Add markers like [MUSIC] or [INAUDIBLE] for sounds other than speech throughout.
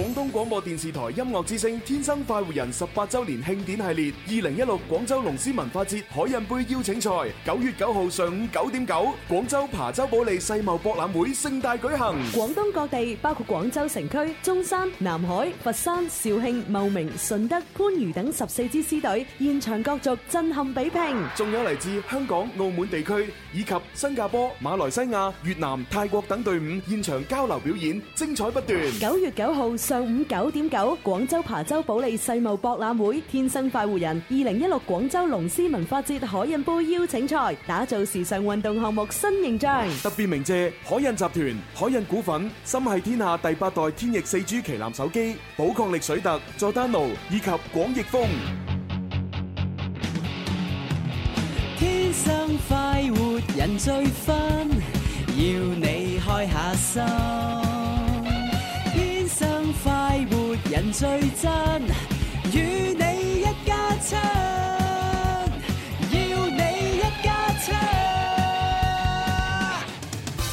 廣東廣播電視台音樂之聲《天生快活人》十八週年慶典系列，二零一六廣州龍獅文化節海印盃邀請賽，九月九號上午九點九，廣州琶洲保利世貿博覽會盛大舉行。廣東各地包括廣州城區、中山、南海、佛山、肇慶、茂名、順德、番禺等十四支獅隊現場角逐，震撼比拼。仲有嚟自香港、澳門地區以及新加坡、馬來西亞、越南、泰國等隊伍現場交流表演，精彩不斷。九月九號。上午九點九，廣州琶洲保利世貿博覽會，天生快活人，二零一六廣州龍獅文化節海印杯邀請賽，打造時尚運動項目新形象。特別鳴謝海印集團、海印股份、心繫天下第八代天翼四 G 旗艦手機、寶礦力水特、佐丹奴以及廣益豐。天生快活人最 Fun，要你開下心。天生快活人最真，與你一家親，要你一家親。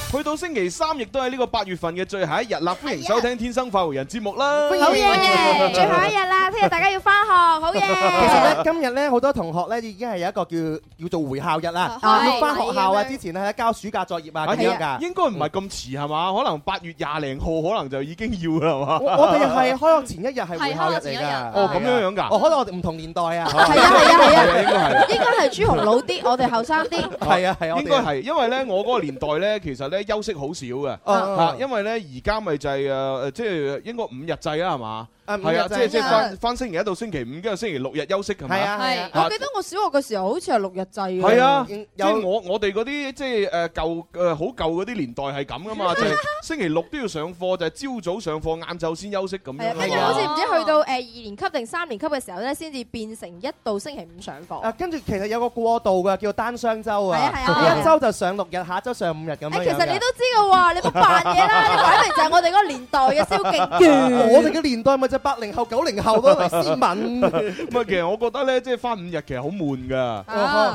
去到星期三，亦都係呢個八月份嘅最後一日啦！歡迎收聽《天生快活人》節目啦！好嘢，最後一日啦，聽日大家要翻學，好嘢。其實咧，今日咧好多同學咧已經係有一個叫要做回校日啦，要翻學校啊！之前咧交暑假作業啊，點樣㗎？應該唔係咁遲係嘛？可能八月廿零號可能就已經要啦，係嘛？我哋係開學前一日係回校日嚟㗎。哦，咁樣樣㗎。哦，可能我哋唔同年代啊。係啊係啊係啊，應該係。應該係朱紅老啲，我哋後生啲。係啊係，應該係，因為咧，我嗰個年代咧，其實咧。休息好少嘅，啊，啊，因為咧而家咪就係誒，即係應該五日制啦，係嘛？啊，係啊，即係即係翻翻星期一到星期五，跟住星期六日休息，係啊，係。我記得我小學嘅時候好似係六日制嘅。係啊，即係我我哋嗰啲即係誒舊誒好舊嗰啲年代係咁噶嘛，即係星期六都要上課，就係朝早上課，晏晝先休息咁樣。係啊，好似唔知去到誒二年級定三年級嘅時候咧，先至變成一到星期五上課。啊，跟住其實有個過渡㗎，叫單雙周啊，啊，一週就上六日，下週上五日咁。誒，其實你都知嘅喎，你冇扮嘢啦，你擺明就係我哋嗰個年代嘅消極。我哋嘅年代咪即八零後、九零後都係斯文。唔係，其實我覺得咧，即係翻五日其實好悶㗎。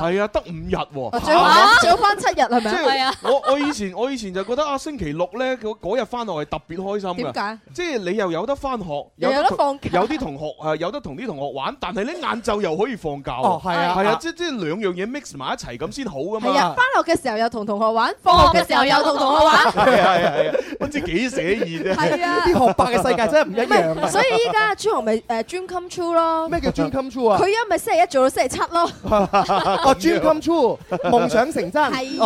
係啊，得五日喎。仲有仲有翻七日係咪啊？我我以前我以前就覺得啊，星期六咧嗰日翻學係特別開心。點解？即係你又有得翻學，又有得放，有啲同學係有得同啲同學玩，但係咧晏晝又可以放假。哦，係啊，係啊，即即兩樣嘢 mix 埋一齊咁先好㗎嘛。係啊，翻學嘅時候又同同學玩，放學嘅時候又同同學玩，係啊係啊，不知幾寫意啊！係啊，啲學霸嘅世界真係唔一樣。所以。依家朱紅咪誒 dream come true 咯，咩叫 dream come true 啊？佢而家咪星期一做到星期七咯。哦，dream come true，夢想成真。係，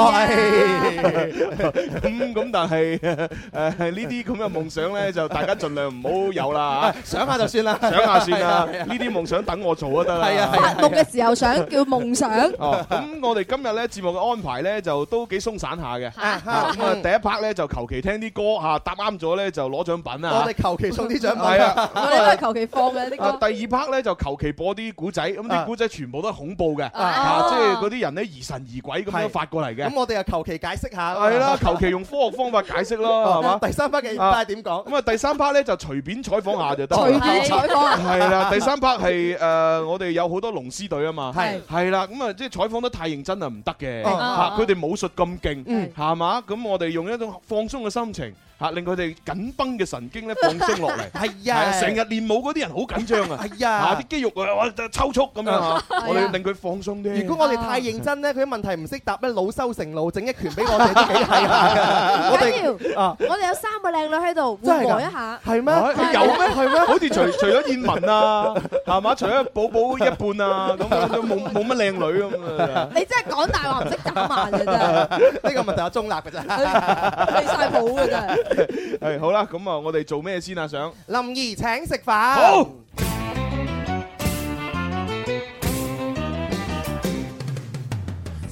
咁咁但係誒呢啲咁嘅夢想咧，就大家盡量唔好有啦，想下就算啦，想下算啦。呢啲夢想等我做啊得啦。係啊，發夢嘅時候想叫夢想。咁我哋今日咧節目嘅安排咧就都幾鬆散下嘅。咁啊第一 part 咧就求其聽啲歌嚇，答啱咗咧就攞獎品啊。我哋求其送啲獎品。我哋都係求其放嘅呢個。第二 part 咧就求其播啲古仔，咁啲古仔全部都係恐怖嘅，即係嗰啲人咧疑神疑鬼咁樣發過嚟嘅。咁我哋啊求其解釋下。係啦，求其用科學方法解釋囉，係嘛？第三 part 嘅快點講。咁啊第三 part 咧就隨便採訪下就得。隨便採訪。係啦，第三 part 係誒我哋有好多龍獅隊啊嘛。係。係啦，咁啊即係採訪得太認真啊唔得嘅。吓，佢哋武術咁勁，係嘛？咁我哋用一種放鬆嘅心情。嚇令佢哋緊繃嘅神經咧放鬆落嚟，係啊，成日練舞嗰啲人好緊張啊，係啊，啲肌肉啊抽搐咁樣，我哋令佢放鬆啲。如果我哋太認真咧，佢啲問題唔識答，咩老羞成怒，整一拳俾我哋都幾係啊！我哋我哋有三個靚女喺度，真係摸一下係咩？係有咩？係咩？好似除除咗燕文啊，係嘛？除咗寶寶一半啊，咁都冇冇乜靚女咁啊！你真係講大話唔識打慢啊！真係呢個問題有中立嘅啫，對曬譜嘅啫。係好啦，咁啊，我哋做咩先啊？想林兒請食飯。好。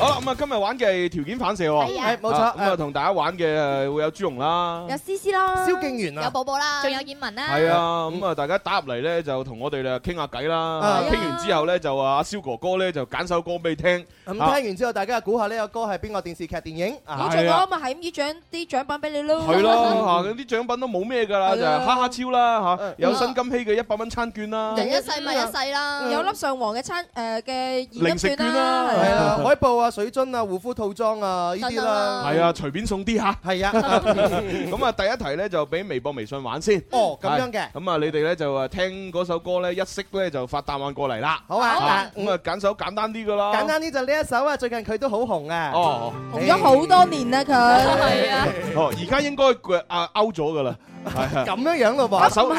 好啦，咁、嗯、啊今日玩嘅係條件反射喎、哦，冇、啊欸、錯。咁啊同大家玩嘅誒會有朱蓉啦，有詩詩啦，蕭敬源啦，有寶寶啦，仲有建文啦。係、嗯、啊，咁、嗯、啊大家打入嚟咧就同我哋咧傾下偈啦。傾、啊、完之後咧就阿、啊、蕭哥哥咧就揀首歌俾你聽。咁聽完之後，大家估下呢個歌係邊個電視劇、電影？好獎咯，咪係咁易，獎啲獎品俾你咯。係咯，嚇，啲獎品都冇咩㗎啦，就哈哈超啦嚇，有新金禧嘅一百蚊餐券啦，人一世物一世啦，有粒上皇嘅餐誒嘅現金券啦，海報啊、水樽啊、護膚套裝啊呢啲啦，係啊，隨便送啲嚇。係啊，咁啊第一題咧就俾微博、微信玩先。哦，咁樣嘅。咁啊，你哋咧就誒聽嗰首歌咧一識咧就發答案過嚟啦。好啊。好。咁啊揀首簡單啲㗎啦。簡單啲就呢一。一首啊，最近佢都好紅啊，哦哦、紅咗好多年啦佢。係啊，哦而家應該 [LAUGHS] [LAUGHS] 啊 out 咗噶啦，係咁樣樣咯噃。首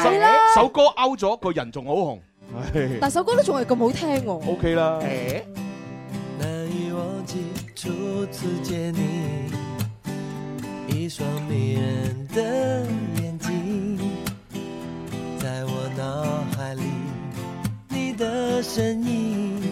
首歌 out 咗，個人仲好紅， [LAUGHS] 但首歌都仲係咁好聽、啊。O K 啦。難以忘記初次見你，一雙迷人的眼睛，在我腦海裡，你的身影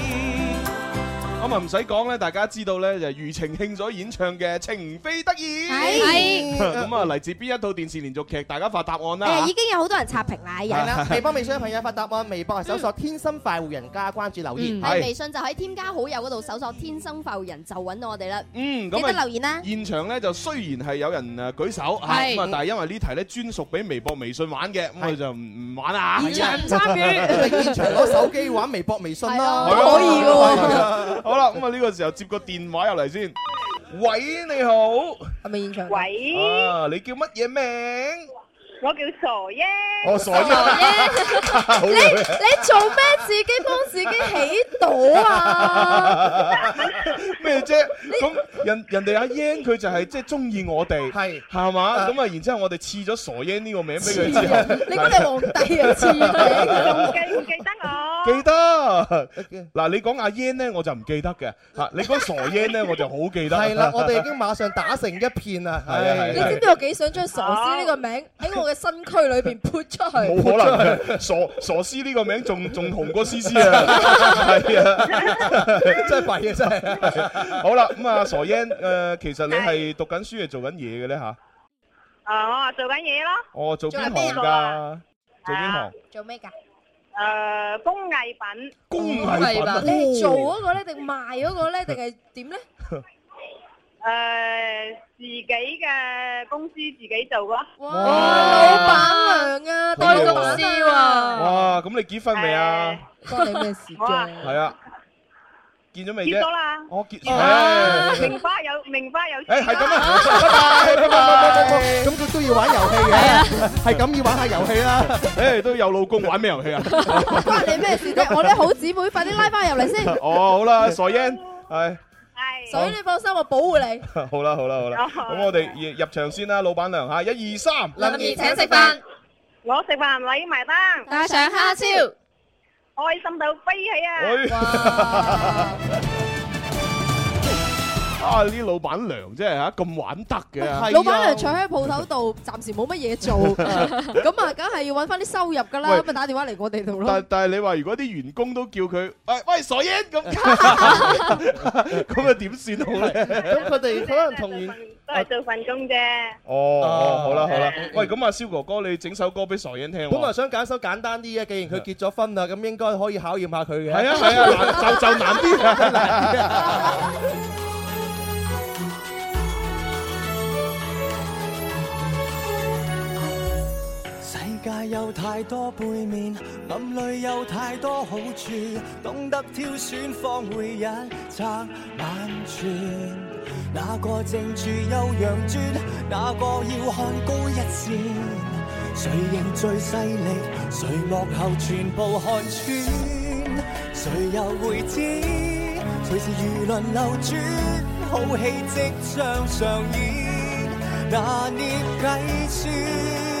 咁啊唔使講咧，大家知道咧就係庾澄慶所演唱嘅《情非得已》。係咁啊，嚟自邊一套電視連續劇？大家發答案啦！已經有好多人刷屏啦，係啦。微博、微信嘅朋友發答案，微博係搜索「天生快活人家」，關注留言；係微信就喺添加好友嗰度搜索「天生快活人」就揾到我哋啦。嗯，咁啊，留言啦。現場咧就雖然係有人誒舉手，係咁啊，但係因為呢題咧專屬俾微博、微信玩嘅，咁佢就唔玩啊。現場唔參與，現場攞手機玩微博、微信咯，都可以喎。好啦，咁啊呢個時候接個電話入嚟先。喂，你好，係咪現場？喂，啊，你叫乜嘢名？我叫傻耶，哦傻耶，你你做咩自己幫自己起朵啊？咩啫？咁人人哋阿 Yan 佢就係即係中意我哋，係係嘛？咁啊，然之後我哋賜咗傻 Yan 呢個名俾佢。賜啊！你估你皇帝啊，賜名，仲記唔記得我？記得嗱，你講阿 Yan 咧，我就唔記得嘅吓；你講傻 Yan 咧，我就好記得。係啦，我哋已經馬上打成一片啦。係，你知唔知我幾想將傻 Sir 呢個名喺我？身軀裏邊潑出去，冇可能， [LAUGHS] 傻傻師呢個名仲仲紅過思思啊，係啊，真係弊啊，真係。好啦，咁啊，傻英誒、呃，其實你係讀緊書定做緊嘢嘅咧吓？啊，我話做緊嘢咯。哦做，做邊行噶？做邊行？做咩噶？誒，工藝品。工藝品？你係做嗰個咧，定賣嗰個咧，定係點咧？誒，自己嘅公司自己做噶，哇，老闆娘啊，開公司喎。哇，咁你結婚未啊？關你咩事啫？係啊，見咗未？見咗啦。我結，哎，名花有名花有主。哎，係咁啊，拜拜拜拜拜拜。咁佢都要玩遊戲嘅，係啊，係咁要玩下遊戲啦。哎，都有老公玩咩遊戲啊？關你咩事啫？我哋好姊妹，快啲拉翻入嚟先。哦，好啦，傻英係。所以你放心，我保護你。好啦好啦好啦，咁我哋入入場先啦，老闆娘吓，一二三，林怡請食飯，我食飯，我已埋單，帶上叉燒，開心到飛起啊！啊！呢啲老闆娘真係嚇咁玩得嘅，老闆娘坐喺鋪頭度，暫時冇乜嘢做，咁啊，梗係要揾翻啲收入㗎啦，咁咪打電話嚟我哋度咯。但但係你話如果啲員工都叫佢喂喂傻英咁，咁啊點算好咧？咁佢哋可能同而都係做份工啫。哦，好啦好啦，喂，咁啊，蕭哥哥，你整首歌俾傻英聽。本來想揀首簡單啲嘅，既然佢結咗婚啦，咁應該可以考驗下佢嘅。係啊係啊，難就就難啲。界有太多背面，暗裡有太多好處，懂得挑選方會一擲萬全。哪個正處又佯轉？哪個要看高一線？誰認最犀利？誰幕後全部看穿？誰又會知？隨時輿論流轉，好戲即將上，上演，拿捏計算。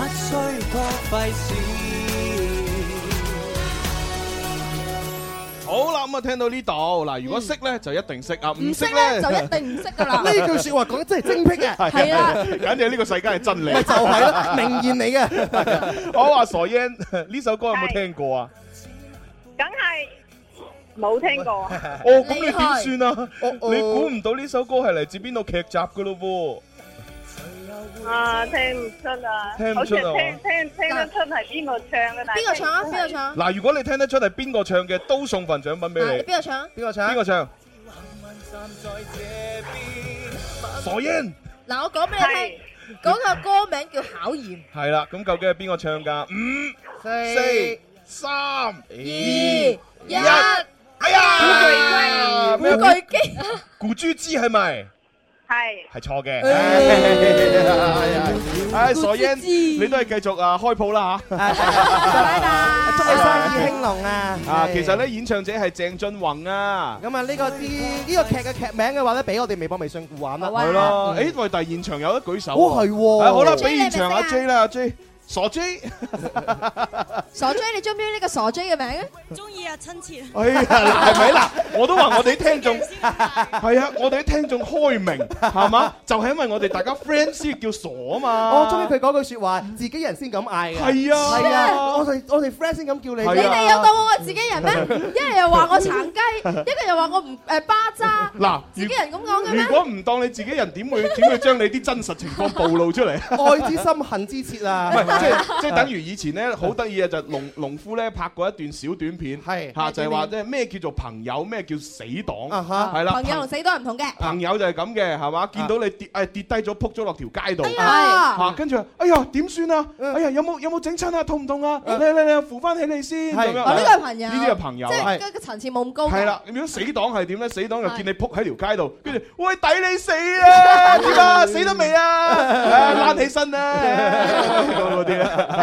不需多費事。好啦，咁啊，聽到呢度嗱，如果識咧就一定識啊，唔識咧就一定唔識噶啦。呢句說話講得真係精辟嘅，係啊，簡直呢個世界係真理，就係咯，名言嚟嘅。我話傻煙，呢首歌有冇聽過啊？梗係冇聽過。哦，咁你點算啊？你估唔到呢首歌係嚟自邊度劇集噶咯？噃。啊，聽唔出啊，好似聽聽聽得出係邊個唱嘅，邊個唱啊？邊個唱？嗱，如果你聽得出係邊個唱嘅，都送份獎品俾你。你邊個唱？邊個唱？邊個唱？傻煙！嗱，我講俾你聽，嗰個歌名叫《考驗》。係啦，咁究竟係邊個唱噶？五、四、三、二、一，哎呀！古巨基，古巨基，古巨基係咪？係係錯嘅，唉傻英，你都係繼續啊開鋪啦吓，拜拜，祝你生意興隆啊！啊，其實咧演唱者係鄭俊弘啊，咁啊呢個呢個劇嘅劇名嘅話咧，俾我哋微博微信互玩啦，係咯，誒喂第現場有得舉手，哦係，好啦，俾現場阿 J 啦阿 J。傻 J，傻 J，你中唔中意呢個傻 J 嘅名？中意啊，親切。哎呀，係咪？嗱，我都話我哋聽眾，係啊，我哋啲聽眾開明，係嘛？就係因為我哋大家 friend 先叫傻啊嘛。我中意佢嗰句說話，自己人先咁嗌嘅。係啊，我哋我哋 friend 先咁叫你。你哋有當我我自己人咩？一係又話我殘雞，一個又話我唔誒巴渣。嗱，自己人咁講嘅咩？如果唔當你自己人，點會點會將你啲真實情況暴露出嚟？愛之心恨之切啊！即係即係等於以前咧，好得意嘅就農農夫咧拍過一段小短片，係嚇就係話咧咩叫做朋友，咩叫死黨，係啦。朋友同死黨唔同嘅。朋友就係咁嘅，係嘛？見到你跌誒跌低咗，撲咗落條街度，嚇跟住，哎呀點算啊？哎呀有冇有冇整親啊？痛唔痛啊？你你你扶翻起你先咁樣。哦，呢個係朋友，呢啲係朋友，即係個層次冇咁高。係啦，咁如果死黨係點咧？死黨就見你撲喺條街度，跟住喂，抵你死啊！點啊？死得未啊？攤起身啦！阿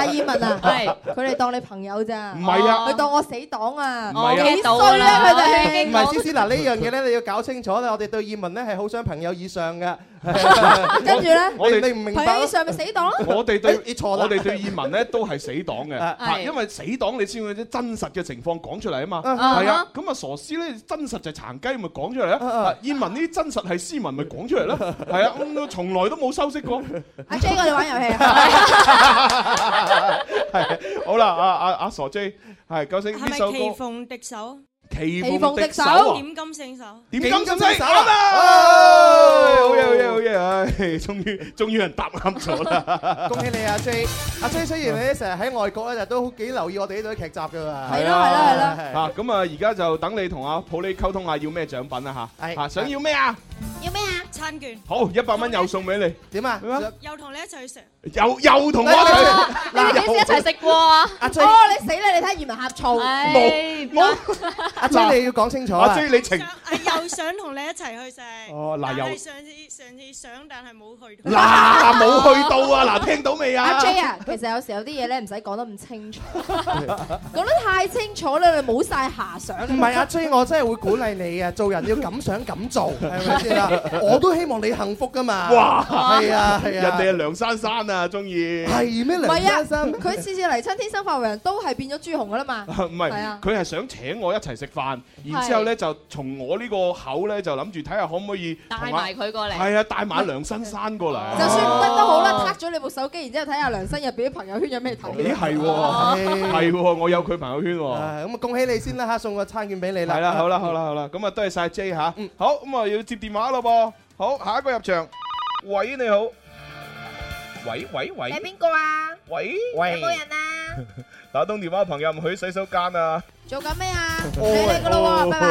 二汶啊，係佢哋當你朋友咋？唔係啊，佢、哦、當我死黨啊，唔幾衰咧佢哋。唔係，小思嗱，呢樣嘢咧你要搞清楚啦。我哋對二汶咧係好想朋友以上嘅。跟住咧，我哋你唔明白以上咪死黨咯。我哋對，你錯。我哋對燕文咧都係死黨嘅，係因為死黨你先會將真實嘅情況講出嚟啊嘛。係啊，咁啊傻絲咧真實就殘雞咪講出嚟啦。燕文呢真實係斯文咪講出嚟啦。係啊，從來都冇休息過。阿 J，我哋玩遊戲。係好啦，阿阿阿傻 J，係九星呢首歌。係咪《棋逢敵手》？棋逢敵手，點金勝手，點金勝手啊！好嘢，好嘢，好嘢啊！終於，終於有人答啱咗啦！恭喜你啊，J！阿 J 雖然你成日喺外國咧，都幾留意我哋呢度嘅劇集噶。係咯，係咯，係咯。吓咁啊！而家就等你同阿普利溝通下要咩獎品啦吓。係，想要咩啊？要咩？餐券好一百蚊又送俾你，點啊？又同你一齊去食，又又同我哋嗱，你哋幾時一齊食過。阿 J，哦你死啦！你睇而唔呷醋。冇阿 J 你要講清楚啊！阿 J 你情又想同你一齊去食。哦嗱又。上次上次想但係冇去。嗱，冇去到啊！嗱，聽到未啊？阿 J 啊，其實有時有啲嘢咧唔使講得咁清楚，講得太清楚咧，你冇晒遐想。唔係阿 J，我真係會鼓勵你啊！做人要咁想咁做，係咪先啦？我。都希望你幸福噶嘛？哇！係啊，係啊！人哋係梁珊珊啊，中意係咩？梁珊珊，佢次次嚟親天生快活人都係變咗朱紅噶啦嘛。唔係，佢係想請我一齊食飯，然之後咧就從我呢個口咧就諗住睇下可唔可以帶埋佢過嚟。係啊，帶埋梁珊珊過嚟。就算乜都好啦 c 咗你部手機，然之後睇下梁珊入邊啲朋友圈有咩睇。咦係喎，係喎，我有佢朋友圈喎。咁啊，恭喜你先啦嚇，送個餐券俾你啦。係啦，好啦，好啦，好啦，咁啊，多謝晒 J 嚇。好，咁啊，要接電話咯噃。好，下一個入場。喂，你好，喂喂喂，係邊個啊？喂，啊、喂，有冇人啊？ [LAUGHS] 打通電話嘅朋友唔去洗手間啊。做緊咩啊？犀利噶咯喎！拜拜，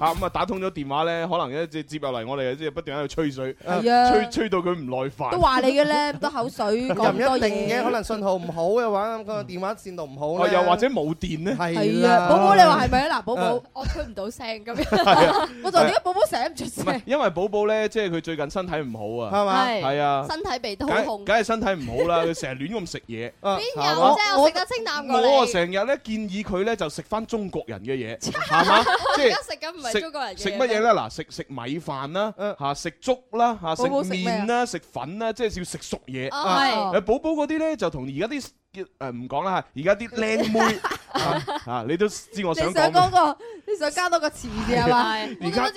啊咁啊！打通咗電話咧，可能一直接入嚟，我哋即不斷喺度吹水，吹吹到佢唔耐煩。都話你嘅咧，多口水咁多嘢。又唔一定嘅，可能信號唔好嘅話，個電話線路唔好啦，又或者冇電咧。係啊，寶寶，你話係咪啊？嗱，寶寶，我吹唔到聲咁樣，我就點解寶寶成日唔出聲？唔係，因為寶寶咧，即佢最近身體唔好啊，係咪？係啊，身體鼻都好痛，梗係身體唔好啦。佢成日亂咁食嘢，邊有啫？我食得清淡，我啊成日。咧建議佢咧就食返中國人嘅嘢，係嘛？而家食緊唔係中國人嘅嘢。食乜嘢咧？嗱，食食米飯啦，嚇食粥啦，嚇食麵啦，食粉啦，即係要食熟嘢。係。誒，寶寶嗰啲咧就同而家啲叫誒唔講啦嚇，而家啲靚妹嚇，你都知我想。你想嗰個？你想加多個詞啲係咪？而家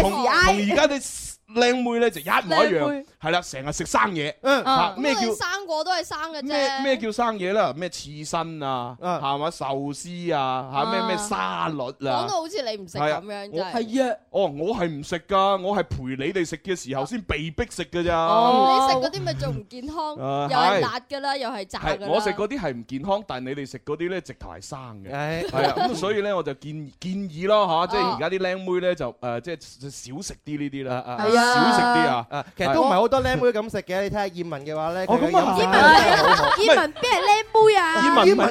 同而同而家啲。靚妹咧就一模一樣，係啦，成日食生嘢，吓，咩叫生果都係生嘅啫。咩叫生嘢咧？咩刺身啊？係嘛壽司啊，吓咩咩沙律啊，講到好似你唔食咁樣，真係。係啊，哦，我係唔食噶，我係陪你哋食嘅時候先被迫食噶咋你食嗰啲咪仲唔健康？又係辣噶啦，又係炸噶我食嗰啲係唔健康，但係你哋食嗰啲咧直頭係生嘅，係啊。咁所以咧我就建建議咯，吓，即係而家啲靚妹咧就誒即係少食啲呢啲啦。少食啲啊！啊，其實都唔係好多靚妹咁食嘅。你睇下燕文嘅話咧，燕文燕文邊係靚妹啊？燕文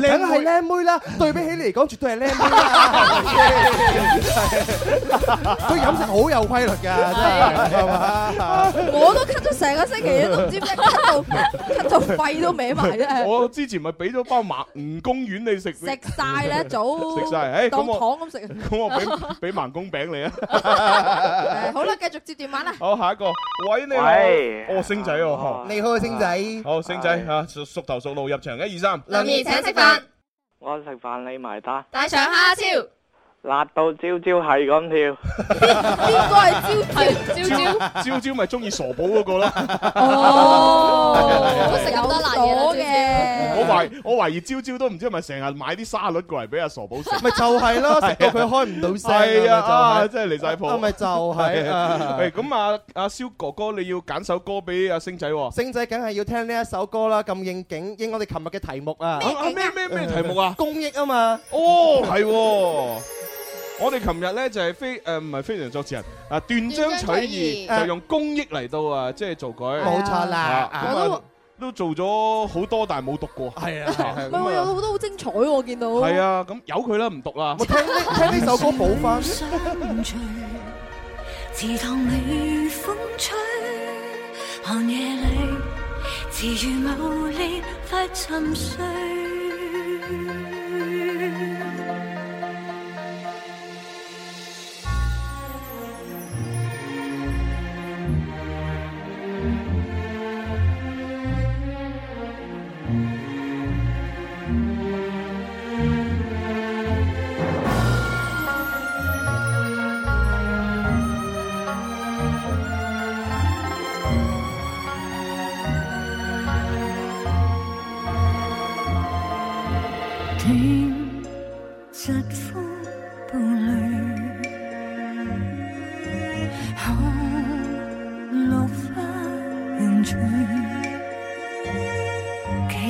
靚係靚妹啦，對比起你嚟講，絕對係靚妹啦。佢飲食好有規律㗎，係嘛？我都咳咗成個星期，都唔知咳到咳到肺都歪埋啫。我之前咪俾咗包盲蜈蚣丸你食，食曬咧早，食曬，當糖咁食。咁我俾俾盲公餅你啊！好啦，繼續接電話啦。好，下一個，喂，你好，喂哦星仔哦、啊，啊、你好星仔，啊、好星仔吓，熟熟是、啊、頭熟路入場一、二、三，林兒請食飯，我食飯你埋單，帶上叉燒。辣到招招係咁跳，呢個係招係招招，招招咪中意傻寶嗰個咯。哦，食好多辣嘢嘅。我懷我懷疑招招都唔知係咪成日買啲沙律過嚟俾阿傻寶食。咪就係咯，食到佢開唔到勢啊，真係嚟晒譜。咪就係啊。誒，咁阿阿蕭哥哥，你要揀首歌俾阿星仔。星仔梗係要聽呢一首歌啦，咁應景，應我哋琴日嘅題目啊。咩咩咩題目啊？公益啊嘛。哦，係。我哋琴日咧，就係非，誒，唔係非常作詞人啊，斷章取義就用公益嚟到啊，即係做改。冇錯啦，都做咗好多但係冇讀過。係啊係係，唔係好多好精彩我見到，係啊，咁由佢啦唔讀啦，我聽呢聽呢首歌補翻。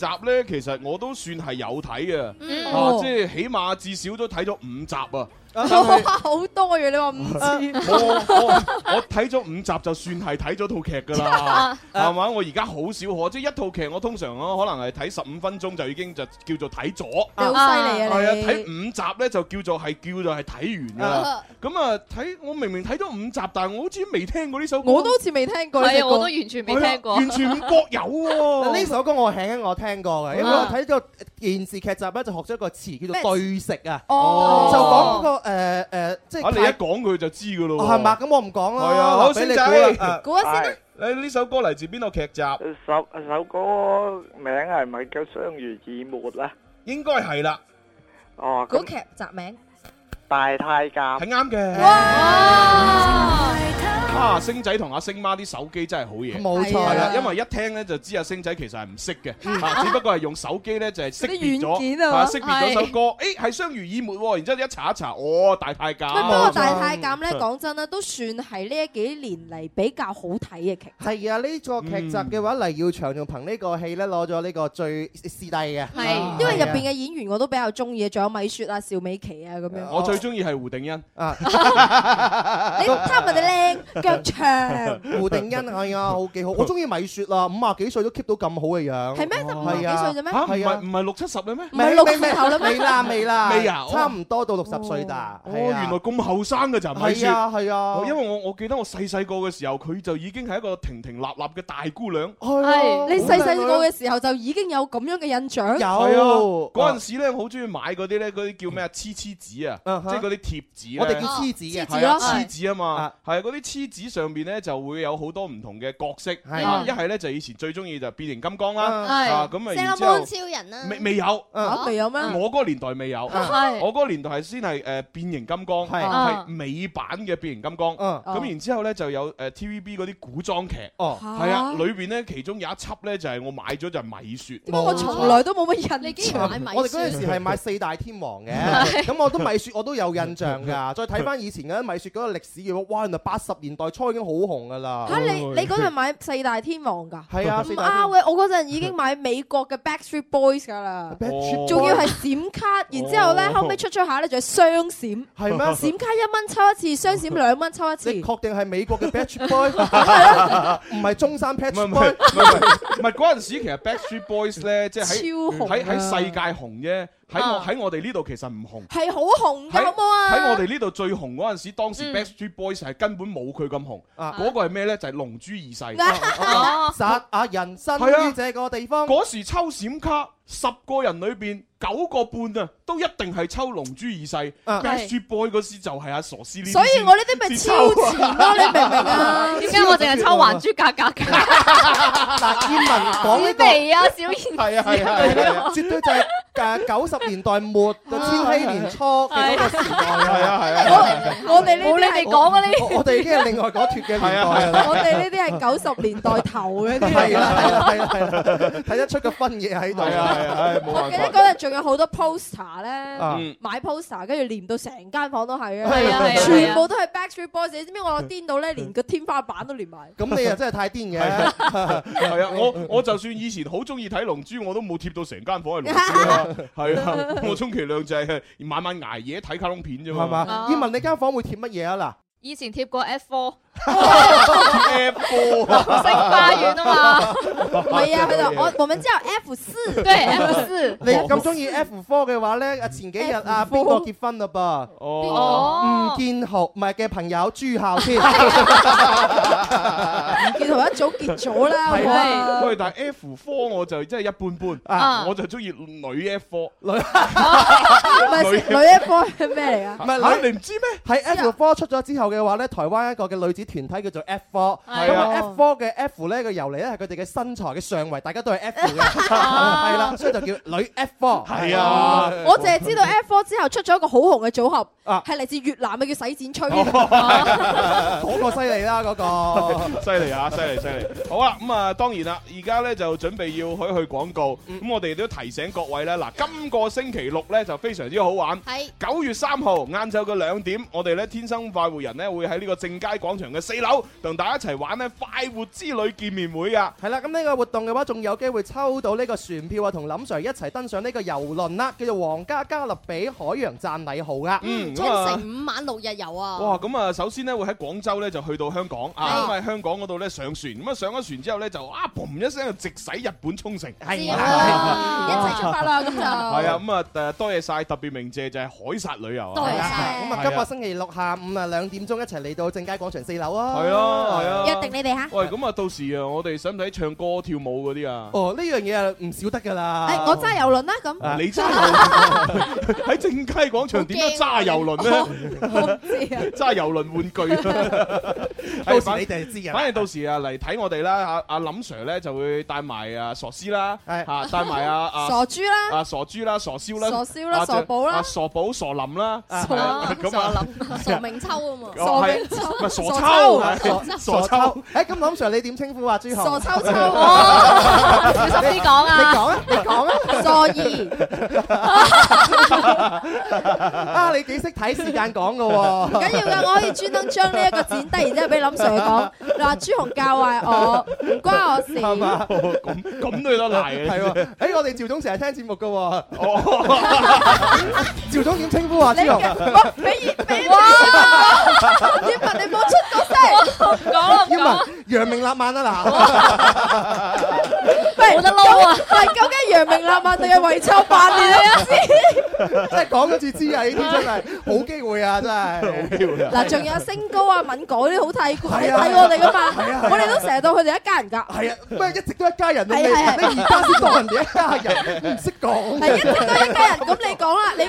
集咧，其實我都算係有睇嘅，啊，即係起碼至少都睇咗五集啊，好多嘅你話唔知？我睇咗五集就算係睇咗套劇噶啦，係嘛？我而家好少可，即係一套劇我通常可能係睇十五分鐘就已經就叫做睇咗，好犀利啊！係啊，睇五集咧就叫做係叫做係睇完噶啦。咁啊睇我明明睇咗五集，但係我好似未聽過呢首歌，我都好似未聽過，係我都完全未聽過，完全唔覺有喎。呢首歌我請我聽。聽過嘅，因為我睇咗電視劇集咧就學咗一個詞叫做對食啊，哦，就講個誒誒，即係。啊，你一講佢就知噶咯。係咪咁？我唔講啦。係啊，老師仔，估一先。你，呢首歌嚟自邊個劇集？首首歌名係咪叫相濡以沫咧？應該係啦。哦。嗰劇集名大太監。係啱嘅。啊！星仔同阿星媽啲手機真係好嘢，冇錯，係啦，因為一聽咧就知阿星仔其實係唔識嘅，吓，只不過係用手機咧就係識別咗，識別咗首歌，誒，係相濡以沫，然之後一查一查，哦，大太監。不過大太監咧，講真啦，都算係呢幾年嚟比較好睇嘅劇。係啊，呢個劇集嘅話，黎耀祥仲憑呢個戲咧攞咗呢個最視帝嘅。係，因為入邊嘅演員我都比較中意，仲有米雪啊、邵美琪啊咁樣。我最中意係胡定欣。你貪腳長，胡定欣係啊，好幾好，我中意米雪啦，五啊幾歲都 keep 到咁好嘅樣，係咩？五啊幾歲啫咩？嚇，啊，唔係六七十嘅咩？唔係六，未後啦，未啦，未啦，未啊，差唔多到六十歲嗒。哦，原來咁後生嘅就係，係啊，係啊。因為我我記得我細細個嘅時候，佢就已經係一個亭亭立立嘅大姑娘。係，你細細個嘅時候就已經有咁樣嘅印象。有，嗰陣時咧好中意買嗰啲咧，嗰啲叫咩啊？黐黐紙啊，即係嗰啲貼紙。我哋叫黐紙啊，黐紙咯，黐紙啊嘛，係嗰啲黐。紙上面咧就會有好多唔同嘅角色，一係咧就以前最中意就變形金剛啦，咁啊然之後。超人啦，未未有，有咩？我嗰個年代未有，我嗰個年代係先係誒變形金剛，係美版嘅變形金剛，咁然之後咧就有誒 TVB 嗰啲古裝劇，係啊，裏邊咧其中有一輯咧就係我買咗就係米雪。不過我從來都冇乜印象，你竟然買米雪。我哋嗰陣時係買四大天王嘅，咁我都米雪我都有印象㗎。再睇翻以前嘅米雪嗰個歷史嘅話，哇原來八十年代初已經好紅噶啦嚇！你你嗰陣買四大天王㗎，係啊唔 out 嘅。我嗰陣已經買美國嘅 Backstreet Boys 㗎啦，仲要係閃卡，然之後咧後尾出出下咧就係雙閃，係咩？閃卡一蚊抽一次，雙閃兩蚊抽一次。你確定係美國嘅 Backstreet Boys？唔係中山 Backstreet Boys，唔係唔係唔係。唔係，嗰陣時其實 Backstreet Boys 咧即係喺超紅，喺世界紅啫。喺我喺我哋呢度其實唔紅，係好紅嘅，好冇啊！喺我哋呢度最紅嗰陣時，當時 Backstreet Boys 係根本冇佢咁紅。嗰、啊、個係咩呢？就係、是《龍珠》二世，殺啊人生於這個地方。嗰、啊、時抽閃卡，十個人裏邊。九個半啊，都一定係抽龍珠二世。白雪 boy 嗰時就係阿傻師，呢所以我呢啲咪超前咯，你明唔明啊？點解我淨係抽還珠格格噶？小燕子啊，小燕子。係啊係啊係啊！絕對就係九十年代末千禧年初嘅個時代。係啊係啊！我哋呢冇你哋講嘅呢啲。我哋呢啲係另外講脫嘅年代。我哋呢啲係九十年代頭嘅啲。係啦係啦係啦！睇得出個分野喺度啊！係啊，我記得嗰日仲有好多 poster 咧，買 poster 跟住粘到成間房都係啊，全部都係 Backstreet Boys。你知唔知我癲到咧，連個天花板都粘埋。咁、嗯、你又真係太癲嘅、啊。係 [LAUGHS] 啊,啊，我我就算以前好中意睇《龍珠》，我都冇貼到成間房係《龍珠》 [LAUGHS] 啊。 [LAUGHS] 啊，我充其量就係、是、晚晚捱夜睇卡通片啫嘛。要問你間房會貼乜嘢啊？嗱。以前貼過 F four，流星花園啊嘛，係啊，我我們叫 F 四，對，F 四。你咁中意 F four 嘅話咧，阿前幾日阿邊個結婚啦噃？哦，吳建豪唔係嘅朋友朱孝天。吳建豪一早結咗啦，係。喂，但係 F four 我就真係一般般，我就中意女 F four 女。女 F4 係咩嚟㗎？唔係嚇，你唔知咩？喺 F4 出咗之後嘅話咧，台灣一個嘅女子團體叫做 F4。係啊，F4 嘅 F 咧，個由嚟咧係佢哋嘅身材嘅上圍，大家都係 F 嘅係啦，所以就叫女 F4。係啊，我淨係知道 F4 之後出咗一個好紅嘅組合啊，係嚟自越南嘅叫洗剪吹。嗰個犀利啦，嗰個犀利啊，犀利犀利。好啦，咁啊，當然啦，而家咧就準備要去去廣告。咁我哋都提醒各位咧，嗱，今個星期六咧就非常之好。好玩係九月三號晏晝嘅兩點，我哋咧天生快活人咧會喺呢個正佳廣場嘅四樓同大家一齊玩咧快活之旅見面會啊係啦，咁呢個活動嘅話仲有機會抽到呢個船票啊，同林 sir 一齊登上呢個遊輪啦，叫做皇家加勒比海洋讚禮號噶。嗯，沖繩五晚六日遊啊，哇，咁啊首先咧會喺廣州咧就去到香港啊，咁喺香港嗰度咧上船，咁啊上咗船之後咧就啊嘣一聲就直駛日本沖繩，係啊，一齊出發啦咁就係啊，咁啊誒多謝晒特別名。名姐就係海殺旅遊啊！多咁啊，今個星期六下午啊兩點鐘一齊嚟到正佳廣場四樓啊！係咯，係啊！約定你哋嚇。喂，咁啊，到時啊，我哋使唔使唱歌跳舞嗰啲啊？哦，呢樣嘢啊，唔少得噶啦！我揸遊輪啦，咁你揸遊輪喺正佳廣場點解揸遊輪咧？揸遊輪玩具。到時你哋知嘅。反正到時啊，嚟睇我哋啦嚇！阿林 Sir 咧就會帶埋啊傻師啦，嚇帶埋啊啊傻豬啦，啊傻豬啦，傻燒啦，傻燒啦，傻寶啦。阿傻寶、傻林啦，傻林、傻明秋啊嘛，傻明秋，咪傻秋，傻秋，誒，咁林 Sir 你點稱呼啊？朱紅，傻秋秋，小心啲講啊！你講啊，你講啊，傻二，啊，你幾識睇時間講噶？唔緊要噶，我可以專登將呢一個剪低，然之後俾林 Sir 講。你話，朱紅教壞我，唔關我事啊嘛。咁咁都懶係喎。誒，我哋趙總成日聽節目噶。趙總點稱呼啊？之後，你你哇！葉文，你冇出過聲，講唔講？葉文，揚名立萬啊嗱！冇得撈啊！係究竟揚名立萬定係遺臭萬年啊？先，即係講嗰次知啊！呢啲真係好機會啊！真係好機會啊！嗱，仲有升高啊、敏改啲好睇過睇我哋噶嘛？我哋都成日當佢哋一家人噶。係啊，咩一直都一家人啊？係係係，你而家先當人哋一家人，你唔識講。係一直都一家人。咁你講啦，你。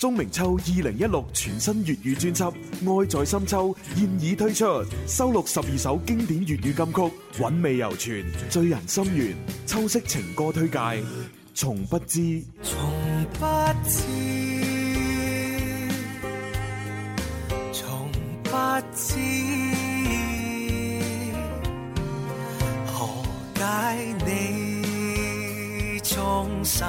鍾明秋二零一六全新粵語專輯《愛在深秋》現已推出，收錄十二首經典粵語金曲，韻味猶存，醉人心願。秋色情歌推介，從不知，從不知，從不知，何解你重生。」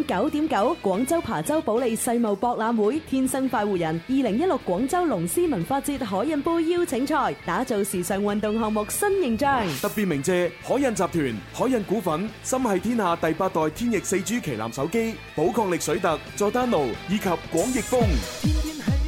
九點九，廣州琶洲保利世貿博覽會，天生快活人，二零一六廣州龍獅文化節海印杯邀請賽，打造時尚運動項目新形象。特別鳴謝海印集團、海印股份、心繫天下第八代天翼四 G 旗艦手機、寶礦力水特、佐丹奴以及廣益豐。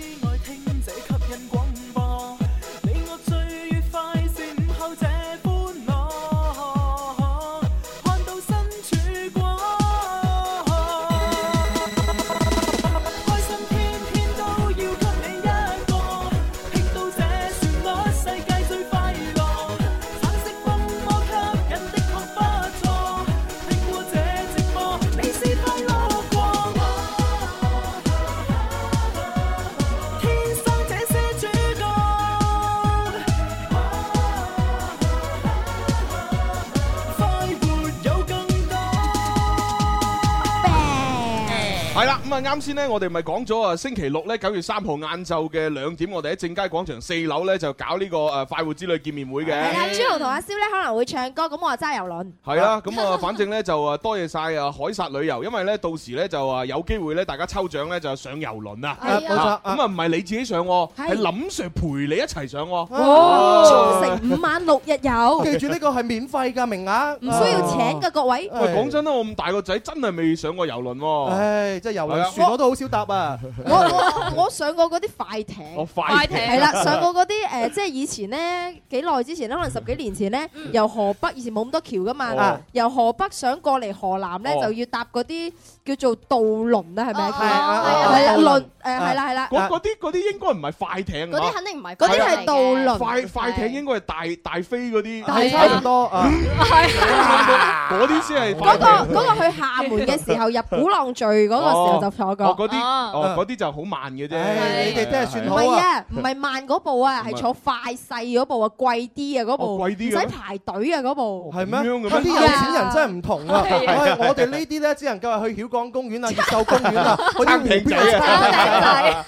啱先咧，我哋咪講咗啊，星期六咧九月三號晏晝嘅兩點，我哋喺正佳廣場四樓咧就搞呢個誒快活之旅見面會嘅。係啊，朱豪同阿蕭咧可能會唱歌，咁我揸遊輪。係啦，咁啊，反正咧就啊多謝晒啊海沙旅遊，因為咧到時咧就啊有機會咧大家抽獎咧就上遊輪啊。冇錯，咁啊唔係你自己上，係林 Sir 陪你一齊上。哦，沖繩五晚六日遊，記住呢個係免費噶名額，唔需要請噶各位。喂，講真啦，我咁大個仔真係未上過游輪，唉，真係遊輪。船我都好少搭啊！我我我上過嗰啲快艇，快艇係啦，啊、上過嗰啲誒，呃、即係以前咧幾耐之前咧，可能十幾年前咧，呃、由河北以前冇咁多橋噶嘛，oh. 由河北上過嚟河南咧，就要搭嗰啲。叫做渡輪咧，係咪？係啊，係啊，輪誒係啦，係啦。嗰啲啲應該唔係快艇。嗰啲肯定唔係，嗰啲係渡輪。快快艇應該係大大飛嗰啲，係差唔多。係啊，嗰啲先係。嗰個嗰個去廈門嘅時候入鼓浪嶼嗰個時候就坐過。嗰啲啲就好慢嘅啫，你哋真係算好啊。唔係啊，唔係慢嗰部啊，係坐快細嗰部啊，貴啲啊嗰部，貴啲唔使排隊啊嗰部。係咩？咁啲有錢人真係唔同啊！我哋呢啲咧只能夠係去江公園啊，越秀公園啊，嗰啲湖邊仔啊，係啊，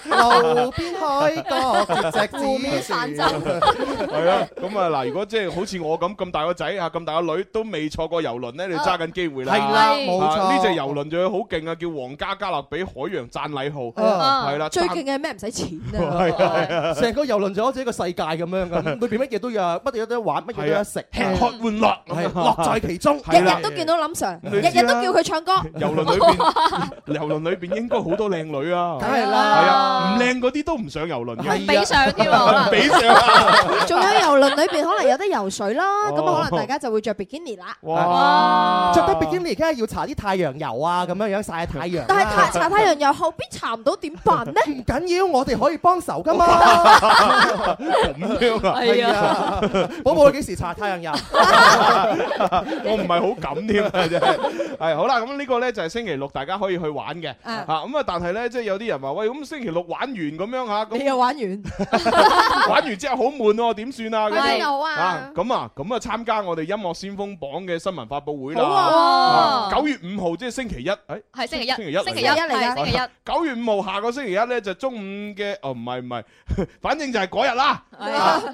咁啊嗱，如果即係好似我咁咁大個仔嚇，咁大個女都未坐過遊輪咧，你揸緊機會啦，係啦，冇錯，呢隻遊輪仲要好勁啊，叫皇家加勒比海洋讚禮號，係啦，最勁嘅係咩？唔使錢啊，係啊，成個遊輪就好似一個世界咁樣嘅，裏邊乜嘢都有，乜嘢都有得玩，乜嘢都有得食，吃喝玩樂，樂在其中，日日都見到林 sir，日日都叫佢唱歌，遊輪裡面。遊輪裏邊應該好多靚女啊，梗係啦，唔靚嗰啲都唔上遊輪嘅，係畀上嘅，畀上。仲有遊輪裏邊可能有得游水啦，咁啊可能大家就會着比堅尼啦，哇！着得比堅尼而家要搽啲太陽油啊，咁樣樣曬太陽。但係搽太陽油後邊搽唔到點辦呢？唔緊要，我哋可以幫手噶嘛。咁樣啊？係啊。寶寶幾時搽太陽油？我唔係好敢添啊，真係。係好啦，咁呢個咧就係星期六。大家可以去玩嘅，啊咁啊！但係咧，即係有啲人話：喂，咁星期六玩完咁樣嚇，你又玩完，玩完之後好悶喎，點算啊？太好啊！咁啊，咁啊，參加我哋音樂先鋒榜嘅新聞發佈會啦！九月五號即係星期一，係星期一，星期一嚟嘅！星期一，九月五號下個星期一咧，就中午嘅，哦唔係唔係，反正就係嗰日啦。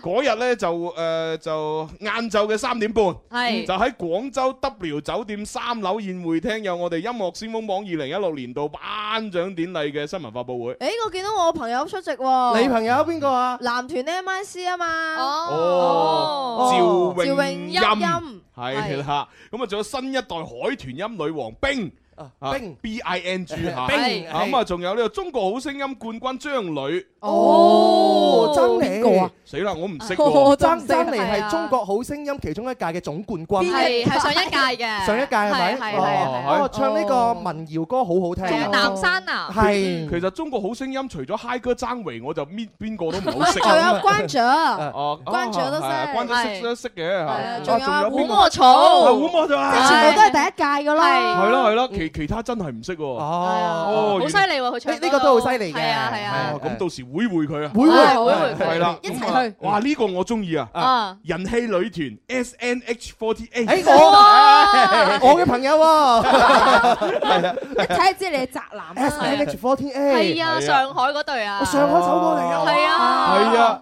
嗰日咧就誒就晏晝嘅三點半，係就喺廣州 W 酒店三樓宴會廳有我哋音樂先鋒網二零一六年度頒獎典禮嘅新聞發佈會，誒、欸，我見到我朋友出席、哦，你朋友邊個啊？男團 MIC 啊嘛，oh、哦，趙詠、oh、音係啦，咁啊，仲有新一代海豚音女王冰。冰 B I N G 吓。咁啊，仲有呢個中國好聲音冠軍張磊哦，真邊個啊？死啦，我唔識個張，張磊係中國好聲音其中一屆嘅總冠軍，係係上一屆嘅，上一屆係咪？係係係哦，唱呢個民謠歌好好聽，南山南係。其實中國好聲音除咗 high 歌張瑋，我就邊邊個都唔好識。仲有關喆哦，關喆都識，關喆識都識嘅吓。仲有吳莫愁，吳莫愁係全部都係第一屆噶咯係咯係咯。其他真係唔識喎，哦，好犀利喎，佢呢個都好犀利嘅，係啊係啊，咁到時會會佢啊，會會，會會，係啦，一齊去，哇呢個我中意啊，啊，人氣女團 SNH48 我嘅朋友喎，係啊，一睇知你係宅男，SNH48 係啊，上海嗰對啊，上海走過嚟啊，係啊，係啊。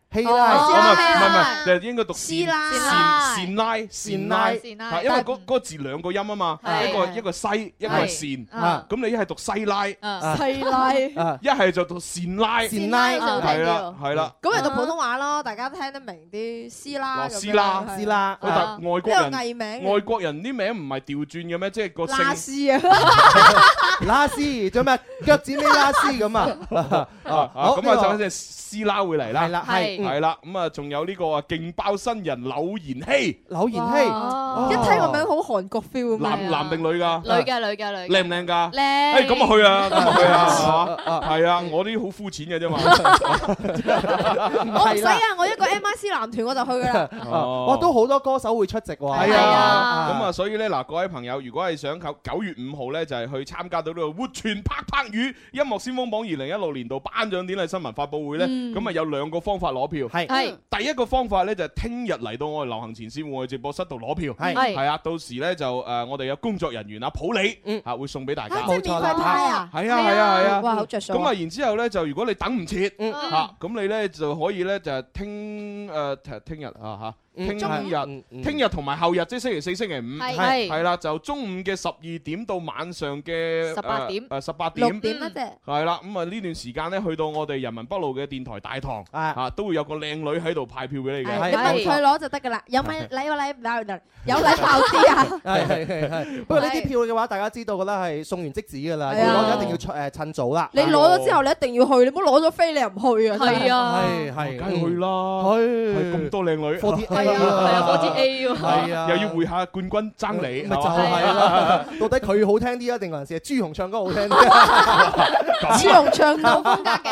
希拉唔係唔係，就應該讀善拉，善拉善拉，因為嗰個字兩個音啊嘛，一個一個西，一個善，咁你一係讀西拉，西拉，一係就讀善拉，善拉就聽叫，係啦。咁咪讀普通話咯，大家聽得明啲，師拉。師拉，師拉，外國人藝名，外國人啲名唔係調轉嘅咩？即係個姓拉絲啊，拉絲做咩？腳趾尾拉絲咁啊！啊好，咁啊，陣間先拉回嚟啦。係啦，咁啊，仲有呢個啊勁爆新人柳妍熙，柳妍熙，一聽個名好韓國 feel 啊！男男定女噶？女嘅，女嘅，女。靚唔靚噶？靚。誒咁啊去啊，咁啊去啊，係嘛？啊，係啊，我啲好膚淺嘅啫嘛。我唔使啊，我一個 MIC 男團我就去噶啦。哇，都好多歌手會出席喎。係啊。咁啊，所以咧嗱，各位朋友，如果係想靠九月五號咧，就係去參加到呢個《活泉啪啪雨》音樂先鋒榜二零一六年度頒獎典禮新聞發布會咧，咁啊有兩個方法攞。票係，第一個方法咧就係聽日嚟到我哋流行前線戶外直播室度攞票。係係啊，到時咧就誒，我哋有工作人員啊普洱吓會送俾大家，冇錯啦，係啊係啊係啊，哇好着數。咁啊，然之後咧就如果你等唔切，吓咁你咧就可以咧就係聽誒聽日啊吓，聽日聽日同埋後日即係星期四、星期五係係啦，就中午嘅十二點到晚上嘅十八點誒十八點六點啦，即係啦，咁啊呢段時間咧去到我哋人民北路嘅電台大堂啊都會有。有個靚女喺度派票俾你，你問佢攞就得噶啦。有冇禮物禮物有禮物，知啊？係係係。不過呢啲票嘅話，大家知道噶啦，係送完即止噶啦，你攞就一定要趁誒趁早啦。你攞咗之後，你一定要去，唔好攞咗飛你又唔去啊。係啊，係，係梗係去啦，咁多靚女，嗰啲係啊，嗰啲 A 喎，係啊，又要會下冠軍爭你，咪就係，到底佢好聽啲啊，定還是朱紅唱歌好聽啲？朱紅唱歌風格嘅。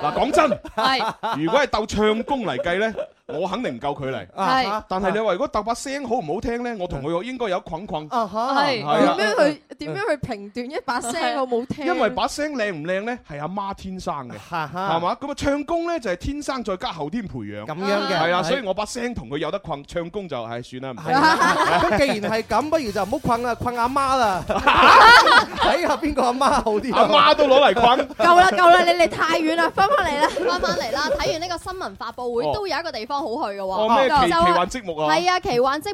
嗱，講真， [LAUGHS] 如果係鬥唱功嚟計咧。我肯定唔夠佢嚟啊！但係你話如果鬥把聲好唔好聽咧，我同佢應該有捆捆，啊哈！係點樣去點樣去評斷一把聲好唔好聽？因為把聲靚唔靚咧，係阿媽天生嘅。哈哈，係嘛？咁啊，唱功咧就係天生再加後天培養。咁樣嘅係啊，所以我把聲同佢有得困，唱功就係算啦。係咁，既然係咁，不如就唔好困啦，困阿媽啦。睇下邊個阿媽好啲。阿媽都攞嚟困。夠啦夠啦，你嚟太遠啦，翻返嚟啦，翻返嚟啦。睇完呢個新聞發佈會，都有一個地方。好去嘅喎，係啊，奇幻積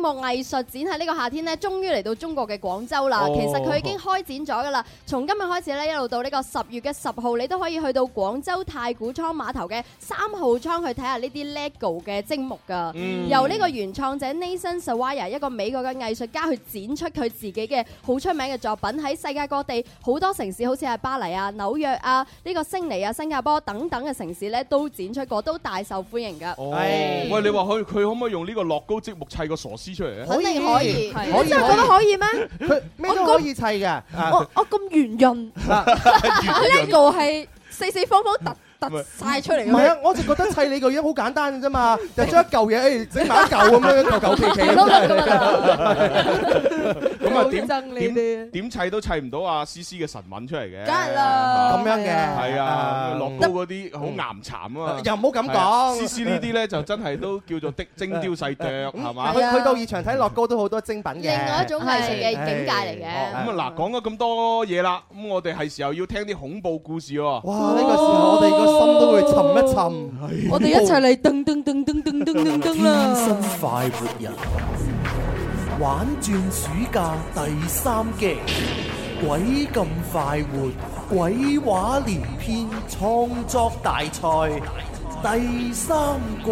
木藝術展喺呢個夏天咧，終於嚟到中國嘅廣州啦。哦、其實佢已經開展咗嘅啦，哦、從今日開始咧，一路到呢個十月嘅十號，你都可以去到廣州太古倉碼頭嘅三號倉去睇下呢啲 LEGO 嘅積木噶。嗯、由呢個原創者 Nathan Sawaya 一個美國嘅藝術家去展出佢自己嘅好出名嘅作品，喺世界各地好多城市，好似係巴黎啊、紐約啊、呢個悉尼啊、新加坡等等嘅城市呢都展出過，都大受歡迎噶。哦哎哦、喂，你話佢佢可唔可以用呢個樂高積木砌個傻屍出嚟咧？肯定可以，我真係覺得可以咩？咩都可以砌嘅我， [LAUGHS] 我我咁圓潤，呢個係四四方方凸。 [LAUGHS] 嗯晒出嚟唔係啊！我就覺得砌你個嘢好簡單嘅啫嘛，就將一嚿嘢誒整埋一嚿咁樣，嚿嚿奇奇咁樣。咁啊，點點點砌都砌唔到阿思思嘅神韻出嚟嘅。梗係啦，咁樣嘅。係啊，樂高嗰啲好岩殘啊。又唔好咁講。思思呢啲咧就真係都叫做的精雕細琢，係嘛？去去到現場睇樂高都好多精品嘅。另外一種藝術嘅境界嚟嘅。咁啊，嗱，講咗咁多嘢啦，咁我哋係時候要聽啲恐怖故事喎。哇！呢個時候我哋個。心都會沉一沉，我哋一齊嚟噔噔噔噔噔噔噔啦！天生快活人，玩轉暑假第三季，鬼咁快活，鬼話連篇，創作大賽第三季，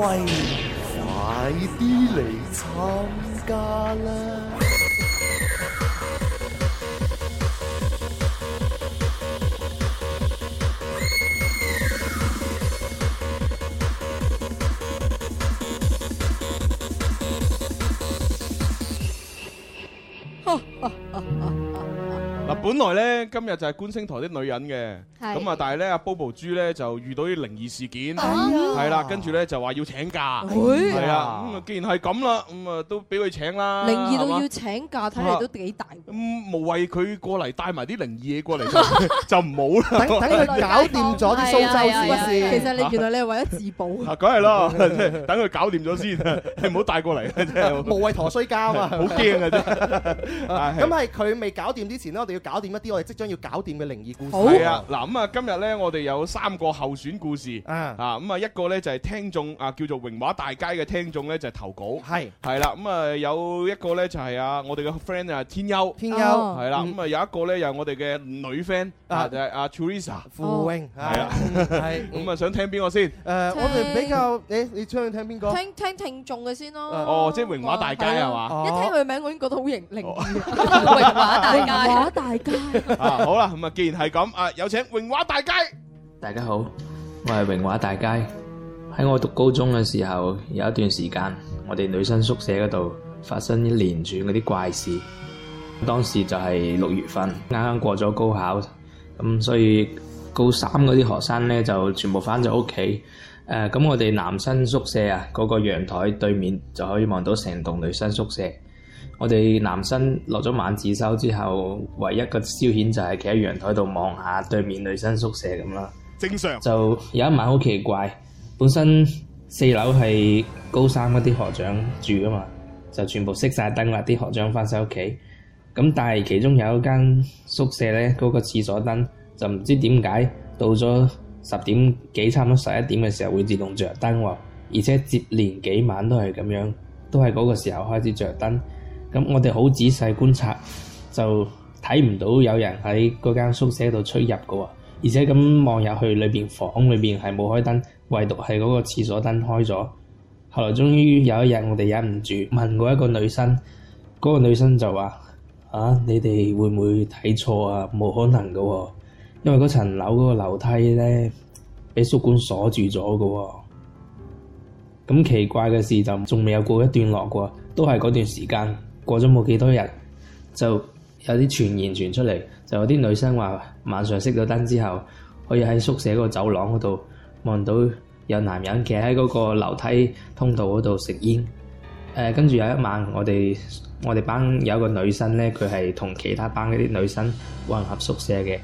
快啲嚟參加啦！本來咧今日就係觀星台啲女人嘅，咁啊，但係咧阿 Bobo 豬咧就遇到啲靈異事件，係啦，跟住咧就話要請假，係啊，咁啊，既然係咁啦，咁啊都俾佢請啦。靈異到要請假，睇嚟都幾大。咁無謂佢過嚟帶埋啲靈異嘢過嚟，就唔好啦。等等佢搞掂咗啲蘇州屎，其實你原來你係為咗自保。啊，梗係囉，等佢搞掂咗先，你唔好帶過嚟。無謂陀衰家啊嘛，好驚啊！咁係佢未搞掂之前咧，我哋要搞掂。一啲我哋即將要搞掂嘅靈異故事，係啊，嗱咁啊，今日咧我哋有三個候選故事，啊咁啊，一個咧就係聽眾啊，叫做榮華大街嘅聽眾咧就係投稿，係係啦，咁啊有一個咧就係啊我哋嘅 friend 啊天優，天優係啦，咁啊有一個咧又係我哋嘅女 friend 啊就係阿 Teresa 傅穎，係啦，係咁啊想聽邊個先？誒，我哋比較誒，你中意聽邊個？聽聽聽眾嘅先咯，哦，即係榮華大街係嘛？一聽佢名我已經覺得好靈靈異，榮華大街，榮華大街。啊好啦，咁啊，既然係咁，啊有請榮華大街。大家好，我係榮華大街。喺我讀高中嘅時候，有一段時間，我哋女生宿舍嗰度發生一連串嗰啲怪事。當時就係六月份，啱啱過咗高考，咁所以高三嗰啲學生呢就全部翻咗屋企。誒，咁我哋男生宿舍啊，嗰個陽台對面就可以望到成棟女生宿舍。我哋男生落咗晚自修之後，唯一個消遣就係企喺陽台度望下對面女生宿舍咁啦。正常就有一晚好奇怪，本身四樓係高三嗰啲學長住噶嘛，就全部熄晒燈啦。啲學長翻晒屋企，咁但係其中有一間宿舍咧，嗰個廁所燈就唔知點解到咗十點幾，差唔多十一點嘅時候會自動着燈喎，而且接連幾晚都係咁樣，都係嗰個時候開始着燈。咁我哋好仔細觀察，就睇唔到有人喺嗰間宿舍度出入㗎喎，而且咁望入去裏邊房裏邊係冇開燈，唯獨係嗰個廁所燈開咗。後來終於有一日，我哋忍唔住問過一個女生，嗰個女生就話：啊，你哋會唔會睇錯啊？冇可能嘅喎，因為嗰層樓嗰個樓梯呢，俾宿管鎖住咗嘅喎。咁奇怪嘅事就仲未有過一段落嘅喎，都係嗰段時間。過咗冇幾多日，就有啲傳言傳出嚟，就有啲女生話晚上熄咗燈之後，可以喺宿舍嗰個走廊嗰度望到有男人企喺嗰個樓梯通道嗰度食煙。誒、呃，跟住有一晚，我哋我哋班有一個女生咧，佢係同其他班嗰啲女生混合宿舍嘅，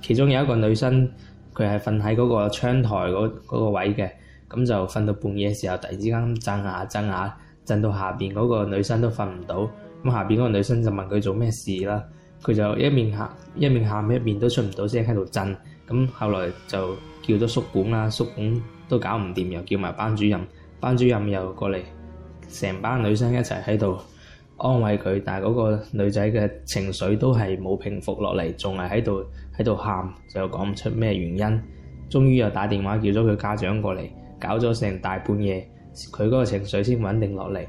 其中有一個女生佢係瞓喺嗰個窗台嗰、嗰、嗰、個嗰個位嘅，咁就瞓到半夜嘅時候，突然之間震下震下。震到下邊嗰個女生都瞓唔到，咁下邊嗰個女生就問佢做咩事啦，佢就一面喊一面喊，一面都出唔到聲喺度震，咁後來就叫咗宿管啦，宿管都搞唔掂，又叫埋班主任，班主任又過嚟，成班女生一齊喺度安慰佢，但係嗰個女仔嘅情緒都係冇平復落嚟，仲係喺度喺度喊，就講唔出咩原因，終於又打電話叫咗佢家長過嚟，搞咗成大半夜。佢嗰個情緒先穩定落嚟，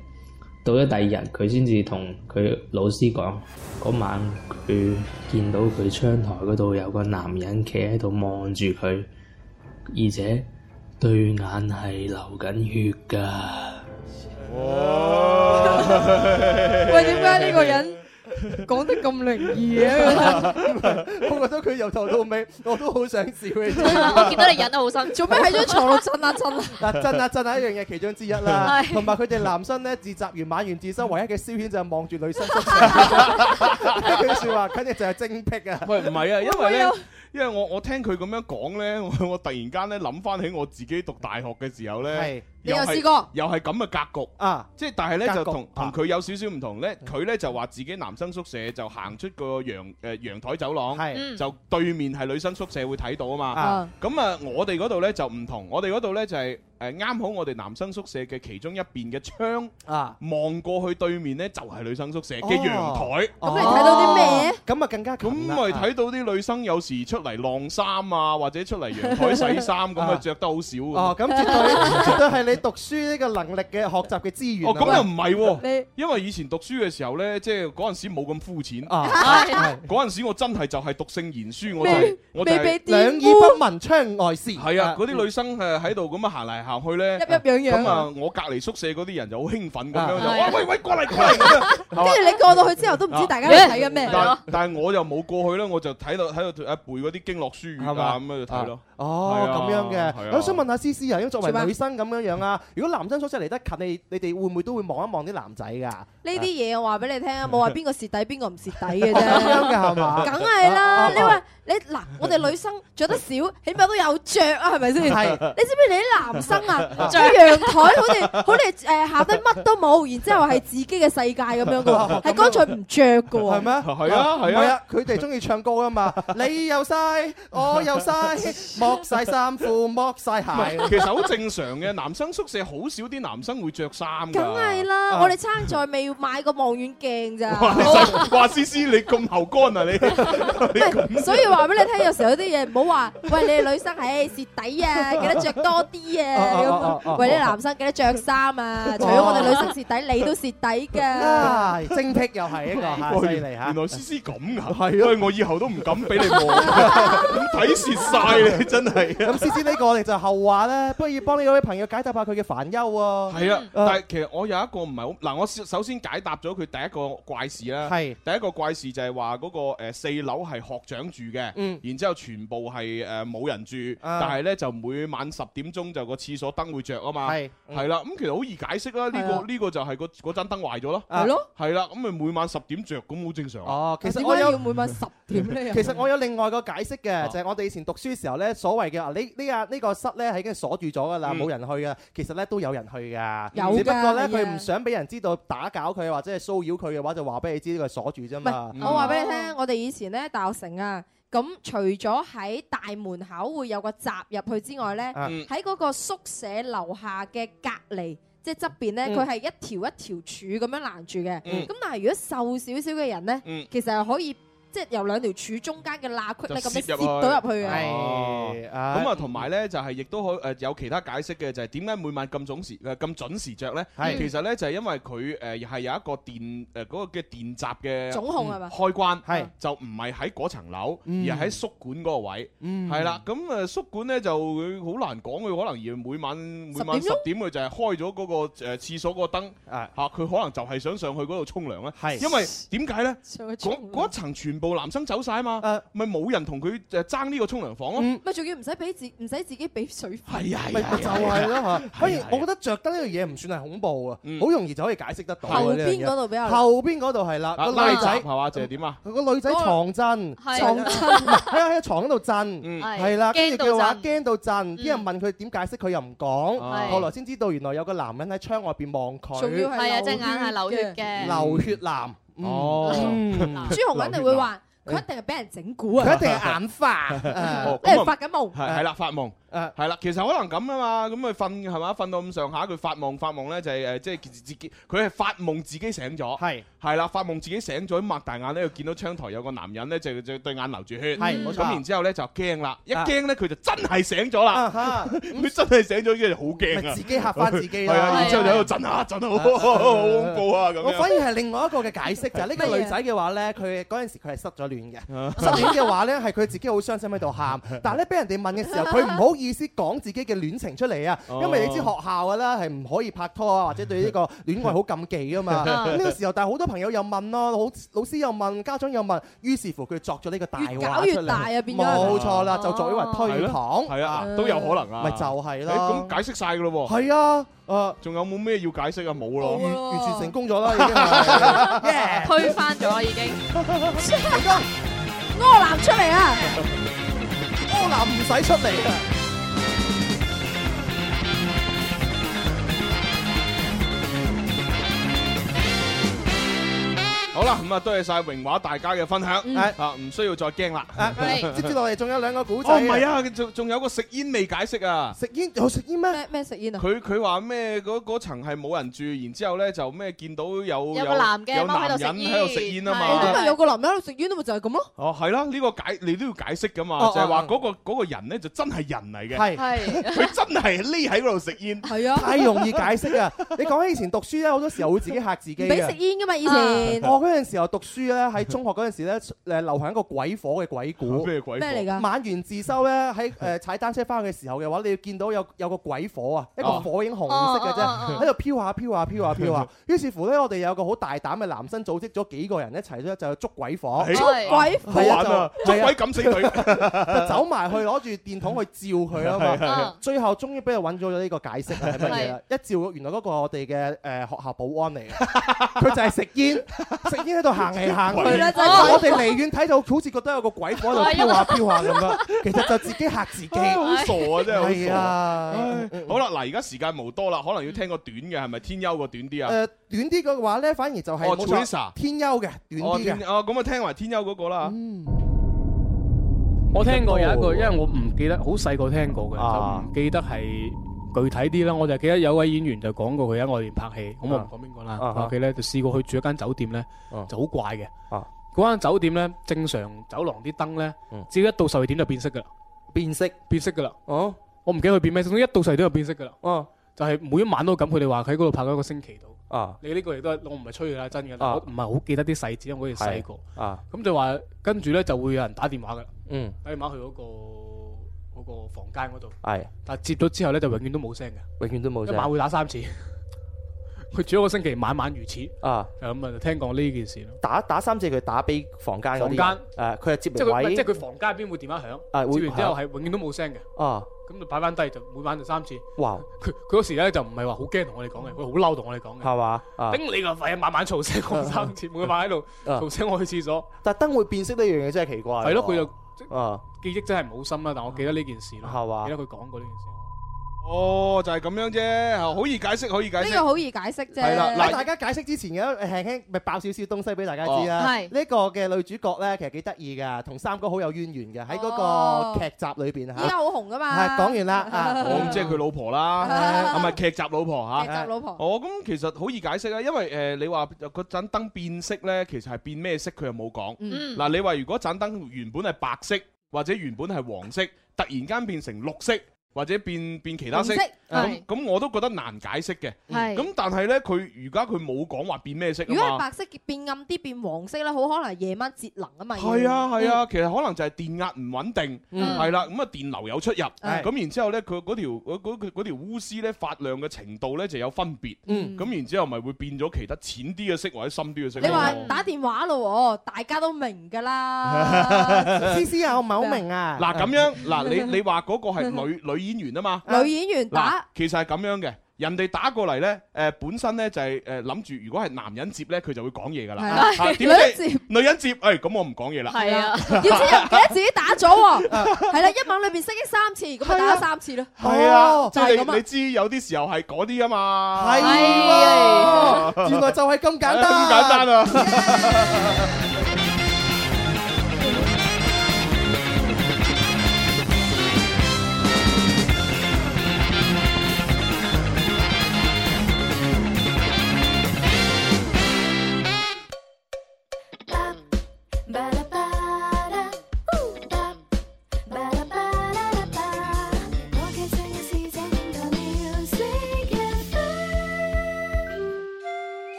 到咗第二日，佢先至同佢老師講，嗰晚佢見到佢窗台嗰度有個男人企喺度望住佢，而且對眼係流緊血㗎。哇！ [LAUGHS] 喂，點解呢個人？講得咁靈異啊！ [LAUGHS] 我覺得佢由頭到尾，我都好想笑。你，我見到你忍得好深，做咩喺張床度震啊震啊！嗱， [LAUGHS] [LAUGHS] 震下震下一樣嘢，其中之一啦。同埋佢哋男生咧，自習完晚完自修 [MUSIC] 唯一嘅消遣就係望住女生宿舍。呢句說話肯定就係精闢啊！ [LAUGHS] 喂，唔係啊，因為咧。因為我我聽佢咁樣講呢我，我突然間呢諗翻起我自己讀大學嘅時候呢，是又試過，又係咁嘅格局啊！即係但係呢，局就同同佢有少少唔同呢，佢呢就話自己男生宿舍就行出個陽誒陽台走廊，是就對面係女生宿舍會睇到啊嘛。咁啊，我哋嗰度呢就唔同，我哋嗰度呢就係、是。誒啱好，我哋男生宿舍嘅其中一邊嘅窗啊，望過去對面呢就係女生宿舍嘅陽台。咁你睇到啲咩？咁咪更加咁咪睇到啲女生有時出嚟晾衫啊，或者出嚟陽台洗衫，咁啊着得好少。哦，咁絕對絕對係你讀書呢個能力嘅學習嘅資源。哦，咁又唔係喎，因為以前讀書嘅時候呢，即係嗰陣時冇咁膚淺。啊，係嗰陣時我真係就係讀聖賢書，我就我就係兩耳不聞窗外事。係啊，嗰啲女生係喺度咁啊行嚟行。行去咧，咁啊！我隔籬宿舍嗰啲人就好興奮咁樣就，喂喂，過嚟過嚟！跟住你過到去之後都唔知大家睇緊咩？但係我又冇過去啦，我就睇到喺度背嗰啲經絡書架咁樣睇咯。哦，咁樣嘅。我想問下 C C 啊，因為作為女生咁樣樣啊，如果男生宿舍嚟得近，你你哋會唔會都會望一望啲男仔噶？呢啲嘢我話俾你聽啊，冇話邊個蝕底邊個唔蝕底嘅啫，咁樣㗎係嘛？梗係啦！你話你嗱，我哋女生著得少，起碼都有著啊，係咪先？係。你知唔知你啲男生？啊！個陽台好似好似誒下低乜都冇，然之後係自己嘅世界咁樣嘅喎，係乾脆唔着嘅喎。係咩？係啊係啊，佢哋中意唱歌啊嘛！你又晒，我又晒，剝晒衫褲，剝晒鞋。其實好正常嘅，男生宿舍好少啲男生會着衫。梗係啦，我哋撐在未買過望遠鏡咋？話思思你咁喉乾啊你？所以話俾你聽，有時候有啲嘢唔好話，喂你哋女生，係蝕底啊，記得着多啲啊！啊啊啊啊喂！啲男生幾多着衫啊？除咗我哋女生蝕底，你都蝕底嘅、啊、精辟，又係一個，犀、啊、利。原來思思咁啊，係 [LAUGHS] 啊！我以後都唔敢俾你望。咁睇蝕晒你真係。咁思思呢個我哋就後話啦，不如幫呢位朋友解答下佢嘅煩憂啊。係啊，但係其實我有一個唔係好嗱，我首先解答咗佢第一個怪事啦。係是第一個怪事就係話嗰個四樓係學長住嘅，嗯、然之後全部係誒冇人住，啊、但係咧就每晚十點鐘就個廁所燈會著啊嘛，係係啦，咁其實好易解釋啦，呢個呢個就係個嗰盞燈壞咗咯，係咯，係啦，咁咪每晚十點着，咁好正常哦，其實我有每晚十點咧。其實我有另外個解釋嘅，就係我哋以前讀書時候咧，所謂嘅啊呢呢日呢個室咧係已經鎖住咗噶啦，冇人去嘅，其實咧都有人去噶，有噶，只不過咧佢唔想俾人知道打攪佢或者係騷擾佢嘅話，就話俾你知佢鎖住啫嘛。我話俾你聽，我哋以前咧，大學城啊。咁、嗯嗯、除咗喺大門口會有個閘入去之外咧，喺、嗯、個宿舍樓下嘅隔離，即係側邊咧，佢係、嗯、一條一條柱咁樣攔住嘅。咁、嗯嗯、但係如果瘦少少嘅人咧，嗯、其實係可以。即係由兩條柱中間嘅罅隙咧，咁跌跌到入去啊！咁啊，同埋咧就係亦都可誒有其他解釋嘅，就係點解每晚咁準時誒咁準時著咧？係其實咧就係因為佢誒係有一個電誒嗰個嘅電閘嘅總控係嘛，開關係就唔係喺嗰層樓，而係喺宿管嗰個位係啦。咁啊宿管咧就佢好難講，佢可能而每晚每晚十點佢就係開咗嗰個誒廁所嗰個燈啊嚇，佢可能就係想上去嗰度沖涼啦。係因為點解咧？嗰嗰層全部男生走晒啊嘛，咪冇人同佢誒爭呢個沖涼房咯，咪仲要唔使俾自唔使自己俾水費，係啊係啊，就係咯吓。可以，我覺得着得呢樣嘢唔算係恐怖啊，好容易就可以解釋得到。後邊嗰度比較後邊嗰度係啦，個女仔係嘛，就係點啊？個女仔床震，床震，喺喺個床嗰度震，係啦，跟住嘅話驚到震，啲人問佢點解釋，佢又唔講，後來先知道原來有個男人喺窗外邊望佢，係啊，隻眼係流血嘅，流血男。Mm hmm、哦， [LAUGHS] 朱紅肯定會話，佢一定係俾人整蠱啊，佢一定係眼花，誒，發緊夢，係係啦，發夢。誒係啦，其實可能咁啊嘛，咁佢瞓係嘛，瞓到咁上下，佢發夢發夢咧就係誒，即係自己佢係發夢自己醒咗，係係啦，發夢自己醒咗，擘大眼咧就見到窗台有個男人咧，就就對眼流住血，係，咁然之後咧就驚啦，一驚咧佢就真係醒咗啦，佢真係醒咗之後好驚啊，自己嚇翻自己，然之後就喺度震下震下，好恐怖啊咁。我反而係另外一個嘅解釋就係呢個女仔嘅話咧，佢嗰陣時佢係失咗戀嘅，失戀嘅話咧係佢自己好傷心喺度喊，但係咧俾人哋問嘅時候佢唔好意思講自己嘅戀情出嚟啊，因為你知學校噶啦，係唔可以拍拖啊，或者對呢個戀愛好禁忌噶嘛。呢個時候，但係好多朋友又問咯，老老師又問，家長又問，於是乎佢作咗呢個大。越搞越大啊，變咗。冇錯啦，就作為推搪，係啊，都有可能啊。咪就係咯，咁解釋晒噶咯喎。係啊，啊，仲有冇咩要解釋啊？冇咯，完全成功咗啦，已經推翻咗啦已經。阿金，柯南出嚟啊！柯南唔使出嚟啊！好啦，咁啊，多謝晒榮華大家嘅分享，啊，唔需要再驚啦。接住落嚟仲有兩個古仔。哦，唔係啊，仲仲有個食煙未解釋啊。食煙有食煙咩？咩食煙啊？佢佢話咩？嗰嗰層係冇人住，然之後咧就咩？見到有有男嘅有男人喺度食煙啊嘛。咁咪有個男嘅喺度食煙，咪就係咁咯。哦，係啦，呢個解你都要解釋噶嘛，就係話嗰個嗰個人咧就真係人嚟嘅。係係，佢真係匿喺嗰度食煙。係啊，太容易解釋啊！你講起以前讀書咧，好多時候會自己吓自己嘅。唔畀食煙噶嘛以前。嗰陣時候讀書咧，喺中學嗰陣時咧，誒流行一個鬼火嘅鬼故，咩鬼咩嚟㗎？晚完自修咧，喺誒踩單車翻去嘅時候嘅話，你要見到有有個鬼火啊，一個火影紅色嘅啫，喺度飄下飄下飄下飄下。於是乎咧，我哋有個好大膽嘅男生組織咗幾個人一齊咧，就捉鬼火，捉鬼，好玩啊！捉鬼撳死佢，走埋去攞住電筒去照佢啊嘛！最後終於俾佢揾咗咗呢個解釋係乜嘢啦？一照原來嗰個我哋嘅誒學校保安嚟嘅，佢就係食煙已經喺度行嚟行去啦，我哋離遠睇到好似覺得有個鬼火喺度飄下飄下咁樣，其實就自己嚇自己。好傻啊，真係係啊！好啦，嗱，而家時間無多啦，可能要聽個短嘅，係咪天優個短啲啊？誒，短啲嘅話咧，反而就係冇錯。天優嘅短啲嘅，哦咁啊，聽埋天優嗰個啦。我聽過有一個，因為我唔記得，好細個聽過嘅，就唔記得係。具體啲啦，我就記得有位演員就講過佢喺外面拍戲，咁我唔講邊個啦。佢咧就試過去住一間酒店咧，就好怪嘅。嗰間酒店咧，正常走廊啲燈咧，只要一到十二點就變色噶啦。變色，變色噶啦。哦，我唔記得佢變咩色，一到十二點就變色噶啦。哦，就係每一晚都咁，佢哋話佢喺嗰度拍咗一個星期度。啊，你呢個亦都我唔係吹噶，真嘅，我唔係好記得啲細節，我哋細個。啊，咁就話跟住咧就會有人打電話噶。嗯，打電話去嗰個。個房間嗰度係，但係接咗之後咧就永遠都冇聲嘅，永遠都冇聲，一晚會打三次，佢住一個星期晚晚如此啊，就咁啊，聽講呢件事咯。打打三次佢打俾房間嗰啲，房間誒，佢又接。即係即係佢房間入邊會電話響。誒，接完之後係永遠都冇聲嘅。啊，咁就擺翻低，就每晚就三次。哇，佢佢嗰時咧就唔係話好驚同我哋講嘅，佢好嬲同我哋講嘅。係嘛，頂你個肺啊！晚晚嘈聲，三次，每晚喺度嘈醒，我去廁所。但係燈會變色呢樣嘢真係奇怪。係咯，佢又。啊！記憶真係唔好深啦，但我記得呢件事咯，記得佢講過呢件事。吧哦，就係、是、咁樣啫，好易解釋，可以解釋。呢個好易解釋啫。係啦，大家解釋之前嘅，輕輕咪爆少少東西俾大家知啦。係呢、哦、個嘅女主角呢，其實幾得意噶，同三哥好有淵源嘅。喺嗰個劇集裏邊吓，而家好紅噶嘛。係講完啦、 [LAUGHS] 啊、我咁即係佢老婆啦，係咪劇集老婆吓？劇集老婆。啊、老婆哦，咁其實好易解釋啦，因為誒、呃，你話嗰盞燈變色呢，其實係變咩色、嗯啊、色？佢又冇講。嗱，你話如果盞燈原本係白色或者原本係黃色，突然間變成綠色。或者變變其他色，咁咁我都覺得難解釋嘅。咁但係咧，佢而家佢冇講話變咩色啊嘛。如果係白色變暗啲變黃色咧，好可能係夜晚節能啊嘛。係啊係啊，其實可能就係電壓唔穩定，係啦，咁啊電流有出入，咁然之後咧佢嗰條嗰嗰嗰條鎢絲咧發亮嘅程度咧就有分別，咁然之後咪會變咗其他淺啲嘅色或者深啲嘅色。你話打電話咯，大家都明噶啦。思思啊，我唔係好明啊。嗱咁樣，嗱你你話嗰個係女女。演員啊嘛，女演員打？其實係咁樣嘅，人哋打過嚟咧，誒，本身咧就係誒諗住，如果係男人接咧，佢就會講嘢噶啦，係女人接，女人接，誒，咁我唔講嘢啦，係啊，要知唔記得自己打咗，係啦，一晚裏邊識咗三次，咁咪打咗三次咯，係啊，就係噉你知有啲時候係嗰啲啊嘛，係啊，原來就係咁簡單，咁簡單啊。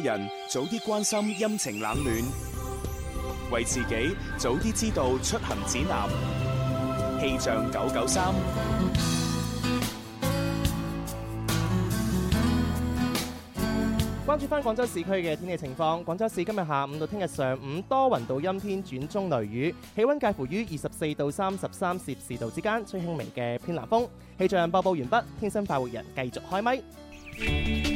家人早啲關心陰晴冷暖，為自己早啲知道出行指南。氣象九九三，關注翻廣州市區嘅天氣情況。廣州市今日下午到聽日上午多雲到陰天轉中雷雨，氣溫介乎於二十四到三十三攝氏度之間，吹輕微嘅偏南風。氣象播報完畢，天生快活人繼續開咪。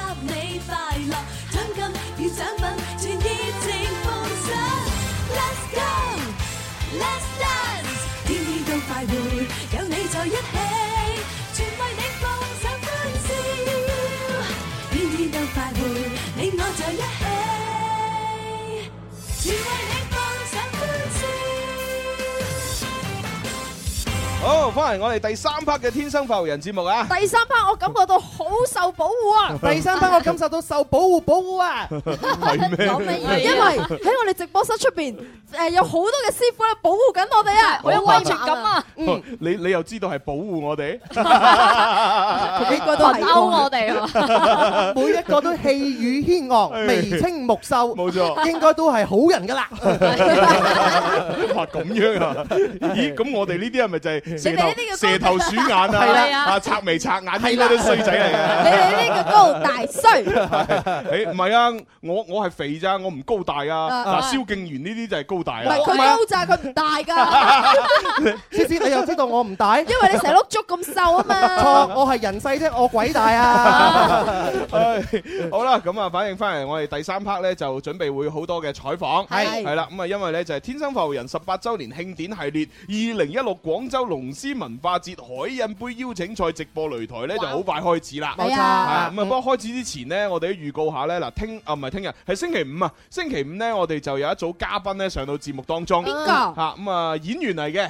[MUSIC] 好，翻嚟我哋第三 part 嘅天生快活人節目啊！第三 part 我感覺到好受保護啊！第三 part 我感受到受保護保護啊！為咩？因為喺我哋直播室出邊，誒有好多嘅師傅咧保護緊我哋啊！好有安全感啊！嗯，你你又知道係保護我哋？應該都收我哋，每一個都氣宇軒昂、眉清目秀，冇錯，應該都係好人噶啦！哇，咁樣啊？咦，咁我哋呢啲係咪就係？你哋呢啲叫蛇頭鼠眼啊，啊拆眉拆眼呢啲衰仔嚟嘅。你哋呢個高大衰，誒，唔係啊，我我係肥咋，我唔高大啊。嗱，蕭敬源呢啲就係高大啦。唔係佢高咋，佢唔大噶。薛之你又知道我唔大，因為你成碌竹咁瘦啊嘛。錯，我係人細啫，我鬼大啊。好啦，咁啊，反映翻嚟，我哋第三 part 咧就準備會好多嘅採訪，係係啦，咁啊，因為咧就係天生快活人十八周年慶典系列二零一六廣州龍。龍獅文化節海印杯邀請賽直播擂台咧就好快開始啦，冇錯、啊。咁啊，不過開始之前呢，我哋都預告下咧，嗱，聽啊唔係聽日，係星期五啊，星期五咧，我哋就有一組嘉賓咧上到節目當中，邊個？吓咁啊，演員嚟嘅。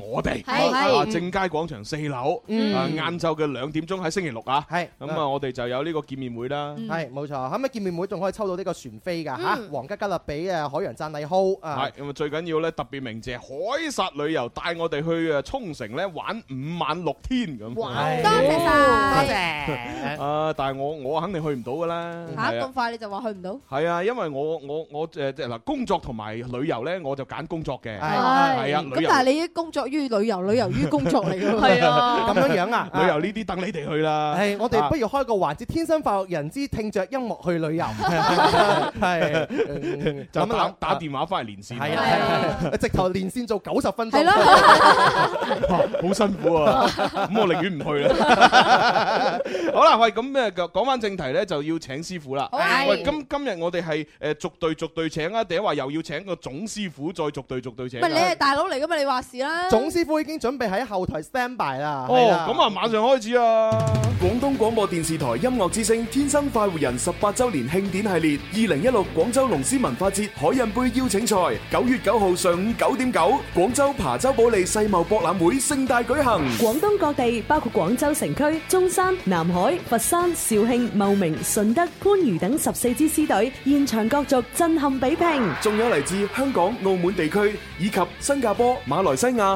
我哋正佳廣場四樓，啊晏晝嘅兩點鐘喺星期六啊，咁啊我哋就有呢個見面會啦。係冇錯，係咪見面會仲可以抽到呢個船飛噶吓，皇家加勒比啊海洋贊禮號啊，咁啊最緊要咧特別鳴謝係海沙旅遊帶我哋去啊沖繩咧玩五晚六天咁。哇，多謝多謝啊！但係我我肯定去唔到噶啦吓。咁快你就話去唔到？係啊，因為我我我誒即係嗱工作同埋旅遊咧，我就揀工作嘅。係啊。咁但係你工作於旅遊，旅遊於工作嚟嘅。係啊，咁樣樣啊，旅遊呢啲等你哋去啦。係，我哋不如開個環節，天生快活人之聽着音樂去旅遊。係，就咁打打電話翻嚟連線。係啊，直頭連線做九十分鐘。係咯，好辛苦啊。咁我寧願唔去啦。好啦，喂，咁咩？講翻正題咧，就要請師傅啦。喂，今今日我哋係誒逐對逐對請啊，定話又要請個總師傅再逐對逐對請？喂，你係大佬嚟㗎嘛？你話事啦。總師傅已經準備喺後台 standby 啦。哦，咁啊，馬上開始啊！廣東廣播電視台音樂之聲天生快活人十八周年慶典系列，二零一六廣州龍獅文化節海印杯邀請賽，九月九號上午九點九，廣州琶洲保利世貿博覽會盛大舉行。廣東各地包括廣州城區、中山、南海、佛山、肇慶、茂名、順德、番禺等十四支獅隊，現場角逐震撼比拼。仲有嚟自香港、澳門地區以及新加坡、馬來西亞、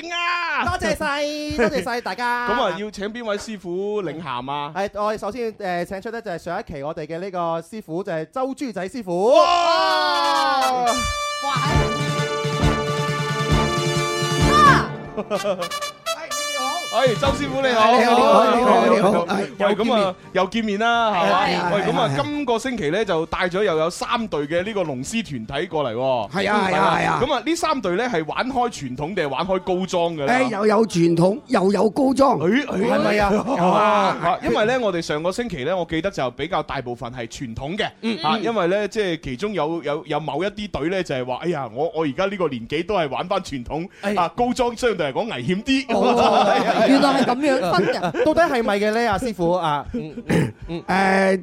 勁啊！多謝晒，多謝晒大家。咁啊，要請邊位師傅領銜啊？係我首先誒，請出咧就係上一期我哋嘅呢個師傅就係周豬仔師傅。哇！哇！哈！誒，你好。誒，周師傅你好。你好，你好，你好。喂，咁啊，又見面啦，係嘛？喂，咁啊，今。今個星期咧就帶咗又有三隊嘅呢個龍獅團體過嚟，係啊係啊係啊！咁啊呢三隊咧係玩開傳統定係玩開高裝嘅咧？誒，又有傳統又有高裝，係咪啊？因為咧，我哋上個星期咧，我記得就比較大部分係傳統嘅，嗯啊，因為咧即係其中有有有某一啲隊咧就係話，哎呀，我我而家呢個年紀都係玩翻傳統，啊高裝相對嚟講危險啲，原來係咁樣分嘅，到底係咪嘅咧？阿師傅啊，誒。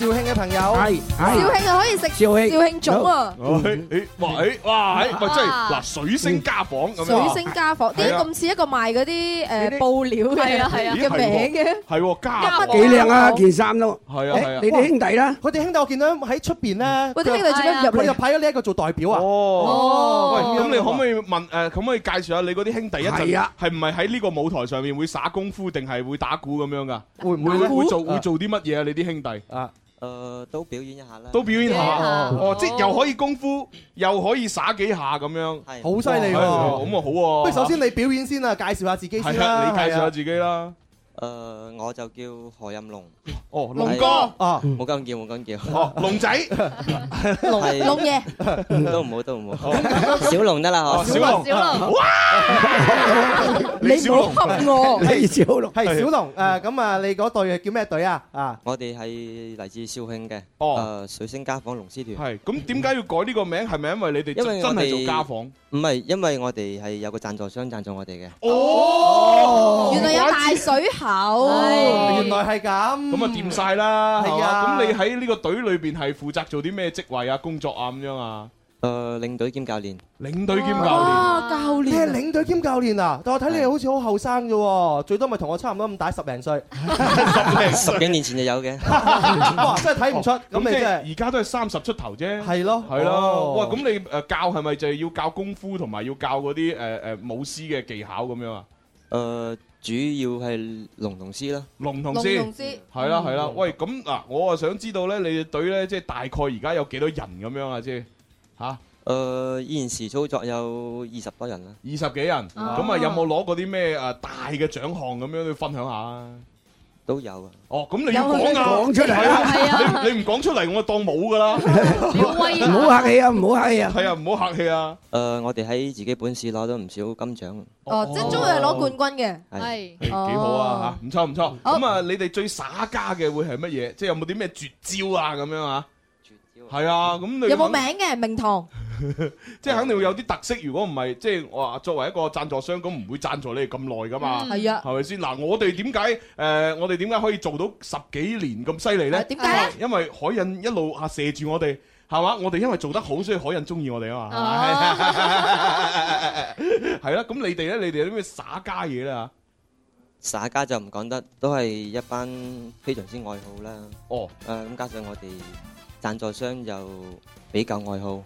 肇慶嘅朋友係，肇慶又可以食肇慶，肇慶粽啊！哎，哇，哎，哇，咪即係嗱，水星家紡咁樣，水星家紡，點解咁似一個賣嗰啲誒布料嘅係啊係啊嘅名嘅？係，家紡幾靚啊件衫咯係啊係啊！你啲兄弟啦，我啲兄弟我見到喺出邊咧，我哋兄弟最近入嚟，佢入派咗呢一個做代表啊！哦，喂，咁你可唔可以問誒？可唔可以介紹下你嗰啲兄弟一陣？係唔係喺呢個舞台上面會耍功夫定係會打鼓咁樣噶？會唔會會做會做啲乜嘢啊？你啲兄弟啊？誒、呃，都表演一下啦！都表演一下，下哦，即係又可以功夫，哦、又可以耍幾下咁樣，係好犀利喎！咁啊哇的好啊！不如首先你表演先啊，介紹下自己先啦，你介紹下自己啦。的的誒，我就叫何音龍。哦，龍哥啊，冇咁叫，冇咁叫。哦，龍仔，龍龍爺，都唔好，都唔好。小龍得啦，嗬。小龍，小龍。哇！你冇嚇我。係小龍，係小龍。誒，咁啊，你嗰隊叫咩隊啊？啊，我哋係嚟自肇慶嘅。哦，水星家紡龍獅團。係，咁點解要改呢個名？係咪因為你哋真係做家訪？唔係，因為我哋係有個贊助商贊助我哋嘅。哦，原來有大水喉。原來係咁。咁啊掂晒啦，係嘛？咁你喺呢個隊裏邊係負責做啲咩職位啊、工作啊咁樣啊？誒，領隊兼教練。領隊兼教練。哦，教練。係領隊兼教練啊？但我睇你好似好後生啫，最多咪同我差唔多咁大十零歲。十幾年前就有嘅。真係睇唔出。咁你即係而家都係三十出頭啫。係咯，係咯。哇，咁你誒教係咪就係要教功夫同埋要教嗰啲誒誒舞獅嘅技巧咁樣啊？誒。主要係龍同獅啦，龍同獅係啦係啦，嗯、喂咁嗱，我啊想知道咧，你哋隊咧即係大概而家有幾多人咁樣啊先吓？誒、啊呃，現時操作有二十多人啦、啊，二十幾人，咁啊有冇攞過啲咩誒大嘅獎項咁樣去分享下啊？都有啊！哦，咁你要講啊，講出嚟啊！你你唔講出嚟，我當冇噶啦！唔好客氣啊，唔好客氣啊！係啊，唔好客氣啊！誒，我哋喺自己本市攞咗唔少金獎。哦，即係終於係攞冠軍嘅，係幾好啊！嚇，唔錯唔錯。咁啊，你哋最耍家嘅會係乜嘢？即係有冇啲咩絕招啊？咁樣啊？絕招係啊！咁有冇名嘅名堂？即係肯定會有啲特色，如果唔係，即係我話作為一個贊助商，咁唔會贊助你哋咁耐噶嘛？係啊，係咪先？嗱，我哋點解誒，我哋點解可以做到十幾年咁犀利咧？點解？因為海印一路吓射住我哋，係嘛？我哋因為做得好，所以海印中意我哋啊嘛。哦，係啦。係啦。咁你哋咧？你哋有啲咩耍家嘢咧？耍家就唔講得，都係一班非常之愛好啦。哦。誒，咁加上我哋。讚助商又比較愛好，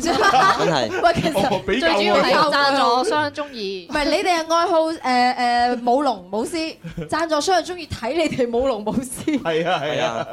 真係喂，其實最主要係讚助商中意，唔係你哋係愛好誒誒舞龍舞獅，讚助商係中意睇你哋舞龍舞獅，係啊係啊。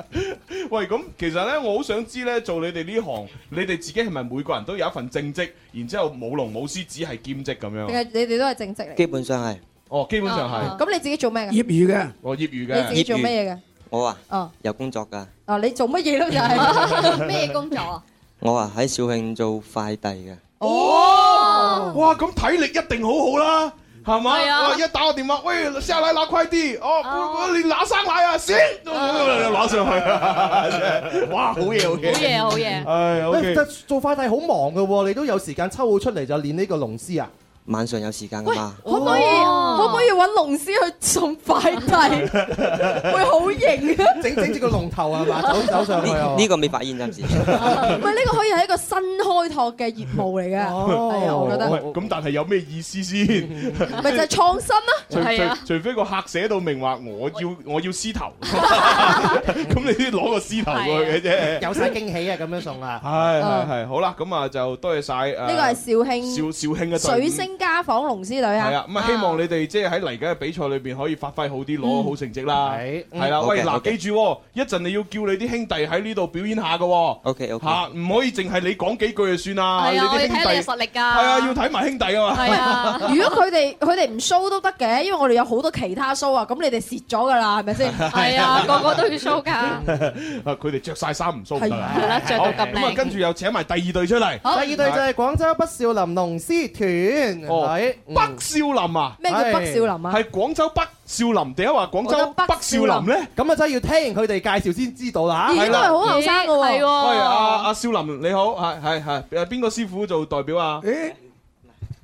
喂，咁其實咧，我好想知咧，做你哋呢行，你哋自己係咪每個人都有一份正職，然之後舞龍舞獅只係兼職咁樣？定係你哋都係正職嚟？基本上係，哦，基本上係。咁你自己做咩嘅？業餘嘅，哦，業餘嘅，你自己做咩嘢嘅？我啊，哦，有工作噶哦，你做乜嘢咯？就係咩工作啊？我啊喺肇慶做快遞嘅。哦，哇，咁體力一定好好啦，係咪？哇，一打個電話，喂，上來拿快遞，哦，你拿上來啊，先，拿上去。哇，好嘢，好嘢，好嘢，好嘢。唉，好嘅。做快遞好忙噶，你都有時間抽到出嚟就練呢個龍獅啊？晚上有時間啊嘛？可唔可以可唔可以揾龍獅去送快遞？會好型啊！整整住個龍頭啊嘛，走走上去啊！呢個未發現啊，唔係呢個可以係一個新開拓嘅業務嚟嘅，係啊，我覺得。咁但係有咩意思先？咪就係創新囉！除非個客寫到明話，我要我要獅頭，咁你攞個獅頭過去嘅啫，有晒驚喜啊！咁樣送啊！係係係，好啦，咁啊就多謝晒。呢個係肇慶肇肇慶嘅水星。家訪龍獅隊啊，係啊，咁啊希望你哋即係喺嚟緊嘅比賽裏邊可以發揮好啲，攞好成績啦，係啦。喂，嗱，記住，一陣你要叫你啲兄弟喺呢度表演下嘅，OK OK，吓，唔可以淨係你講幾句就算啊，你啲兄弟，係睇人實力噶，係啊，要睇埋兄弟啊嘛。係啊，如果佢哋佢哋唔 show 都得嘅，因為我哋有好多其他 show 啊，咁你哋蝕咗噶啦，係咪先？係啊，個個都要 show 噶。佢哋着晒衫唔 show 係啦，着到咁靚。好，咁啊，跟住又請埋第二隊出嚟。第二隊就係廣州北少林龍獅團。喺北少林啊？咩叫北少林啊？係廣州北少林，點解話廣州北少林咧？咁啊真係要聽佢哋介紹先知道啦吓。而家好後生嘅係。喂阿阿少林你好，係係係，邊個師傅做代表啊？誒，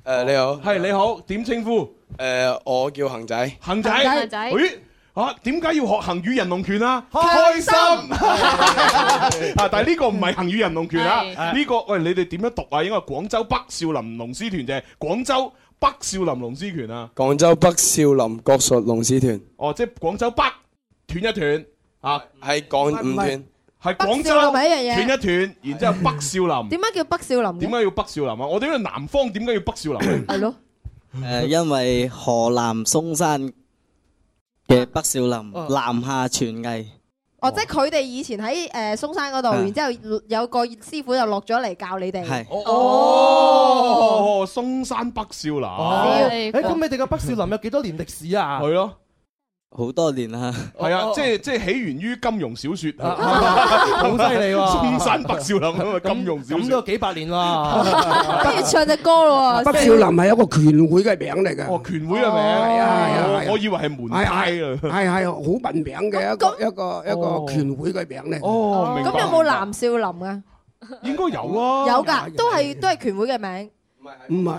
誒你好，係你好，點稱呼？誒，我叫恒仔。恒仔。恒仔。啊，點解要學恒宇人龍拳啊？開心。啊，但係呢個唔係恒宇人龍拳啊，呢、嗯啊這個喂、哎、你哋點樣讀啊？應該係廣州北少林龍獅團就係廣州北少林龍獅團啊。廣州北少林國術龍獅團。哦、啊，即係廣州北斷斷，斷一斷啊，係廣唔係，係廣州咪一樣嘢？斷一斷，然之後北少林。點解 [LAUGHS] 叫北少林？點解叫北少林啊？我哋點解南方？點解叫北少林？係咯。誒，因為河南嵩山。嘅北少林南下傳藝，哦，即係佢哋以前喺誒嵩山嗰度，然之後有個師傅就落咗嚟教你哋，係哦，嵩、哦、山北少林，誒、哦，咁、啊欸嗯欸嗯欸嗯、你哋嘅北少林有幾多年歷史啊？係咯、啊。好多年啦，係啊，即係即係起源於金庸小說，好犀利，中山北少林咁啊，金庸小說咁都幾百年啦，跟住唱隻歌咯，北少林係一個拳會嘅名嚟嘅。哦，拳會嘅名係咪啊？係啊係啊，我以為係門係係係係好聞名嘅一個一個一個拳會嘅名咧。哦，明白。咁有冇南少林啊？應該有啊，有噶，都係都係拳會嘅名，唔係，唔係，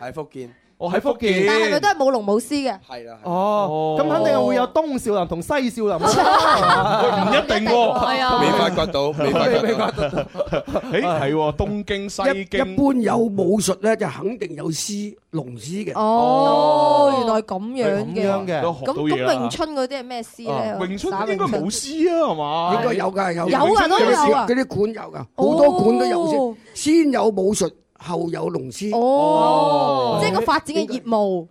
喺福建。我喺福建，但係咪都係舞龍舞獅嘅？係啦，哦，咁肯定會有東少林同西少林，唔一定，係啊，未發覺到，未未發覺到。誒，係，東京西京，一般有武術咧，就肯定有獅龍獅嘅。哦，原來咁樣嘅，咁咁詠春嗰啲係咩獅咧？詠春應該冇獅啊，係嘛？應該有噶，有詠春有獅啊，嗰啲館有噶，好多館都有先，先有武術。後有龍獅哦，即係個發展嘅業務，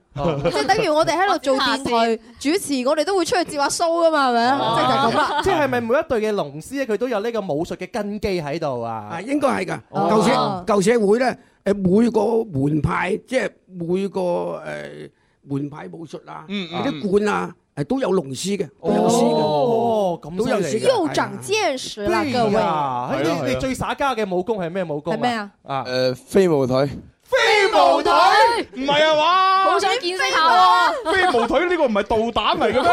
即係等於我哋喺度做電台主持，我哋都會出去接下 show 㗎嘛，係咪？即係咁啦，即係咪每一隊嘅龍獅咧，佢都有呢個武術嘅根基喺度啊？啊，應該係㗎，舊社舊社會咧，誒每個門派，即係每個誒門派武術啊，啲館啊。誒，都有龍獅嘅，哦，都有的，又長見識啦，哎、呀各位。你最耍家嘅武功係咩武功啊？誒、啊呃，飛毛腿。飛毛腿唔係啊嘛，好想見識下啊！飛毛腿呢個唔係導彈嚟噶咩？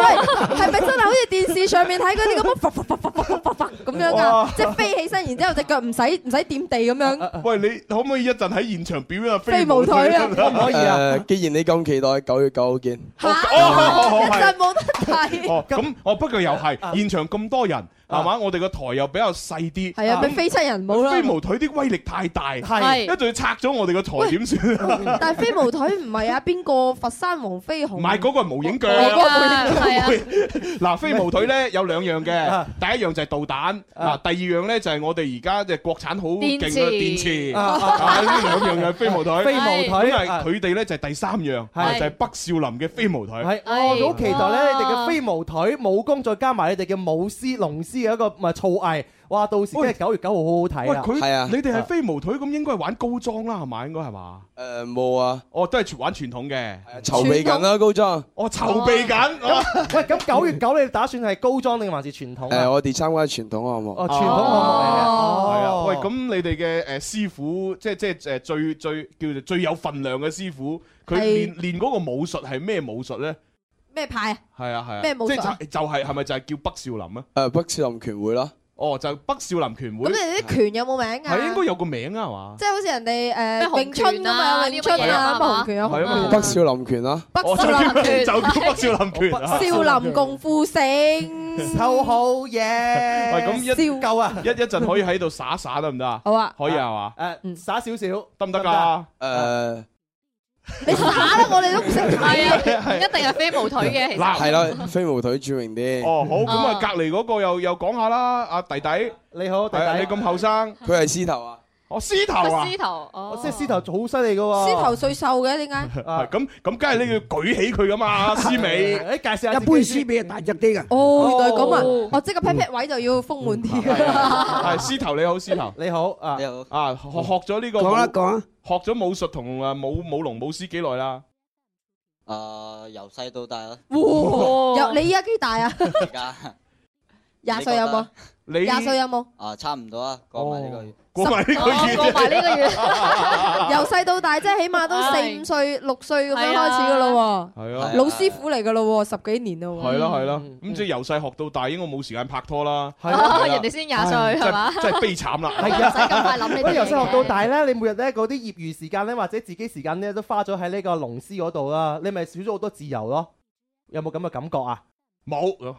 係咪真係好似電視上面睇嗰啲咁樣？咵咵咵咵咵咵咵咵咁樣啊！即係飛起身，然之後隻腳唔使唔使點地咁樣。喂，你可唔可以一陣喺現場表演飛毛腿啊？可唔可以啊？誒，既然你咁期待，九月九見。吓，一陣冇得睇。哦，咁我，不過又係現場咁多人。係嘛？我哋個台又比較細啲。係啊，俾飛出人冇啦。飛毛腿啲威力太大，係，一仲要拆咗我哋個台點算？但係飛毛腿唔係啊，邊個佛山黃飛鴻？唔係嗰個係無影腳！嗱，飛毛腿咧，有兩樣嘅，第一樣就係導彈嗱，第二樣咧就係我哋而家即係國產好勁嘅電池啊！呢兩樣就係飛毛腿。飛毛腿咁啊，佢哋咧就係第三樣，就係北少林嘅飛毛腿。係，我好期待咧，你哋嘅飛毛腿武功再加埋你哋嘅舞獅龍獅。有一個唔係醋藝，哇！到時即係九月九號好好睇啊！係啊，你哋係飛毛腿咁，應該玩高裝啦，係嘛？應該係嘛？誒，冇啊，我都係玩傳統嘅，籌備緊啦高裝。我籌備緊。喂，咁九月九你打算係高裝定還是傳統？誒，我哋參加傳統項目。哦，傳統項目嚟嘅。係啊。喂，咁你哋嘅誒師傅，即係即係誒最最叫做最有分量嘅師傅，佢練練嗰個武術係咩武術咧？咩派啊？係啊係啊，即係就係係咪就係叫北少林啊？誒，北少林拳會啦。哦，就北少林拳會。咁你啲拳有冇名噶？係應該有個名啊嘛。即係好似人哋誒詠春咁樣啊嘛，詠春啊，詠春啊，係啊，北少林拳啦。北少林拳，北少林拳。少林功夫盛，收好嘢。喂，咁一夠啊，一一陣可以喺度耍耍得唔得啊？好啊，可以啊係嘛？誒，耍少少得唔得噶？誒。你打啦， [LAUGHS] 我哋都唔識啊，一 [LAUGHS] 定係飛毛腿嘅。其實嗱，係啦，飛毛腿著名啲。哦，好，咁啊、嗯，嗯、隔籬個又又講下啦，阿、啊、弟弟，你好，弟弟，啊、你咁後生，佢係獅頭啊。哦，獅頭啊！獅頭哦，即係獅頭好犀利嘅喎。獅頭最瘦嘅，點解？啊，咁咁，梗係你要舉起佢噶嘛，獅尾。誒，介紹下一般獅尾係大隻啲嘅。哦，原來咁啊！哦，即係個 pat pat 位就要豐滿啲。係獅頭你好，獅頭你好啊啊！學學咗呢個講啦講啦，學咗武術同啊舞舞龍舞獅幾耐啦？誒，由細到大啦。哇！由你依家幾大啊？廿歲有冇？廿歲有冇？啊，差唔多啊，過埋呢個月，過埋呢個月，過埋呢個月。由細到大，即係起碼都四五歲、六歲咁樣開始噶咯。係啊，老師傅嚟噶咯，十幾年咯。係咯係咯，咁即係由細學到大，應該冇時間拍拖啦。係人哋先廿歲係嘛，即係悲慘啦。係啊，唔使咁快諗起啲嘢。由細學到大咧，你每日咧嗰啲業餘時間咧，或者自己時間咧，都花咗喺呢個龍獅嗰度啦，你咪少咗好多自由咯。有冇咁嘅感覺啊？冇呢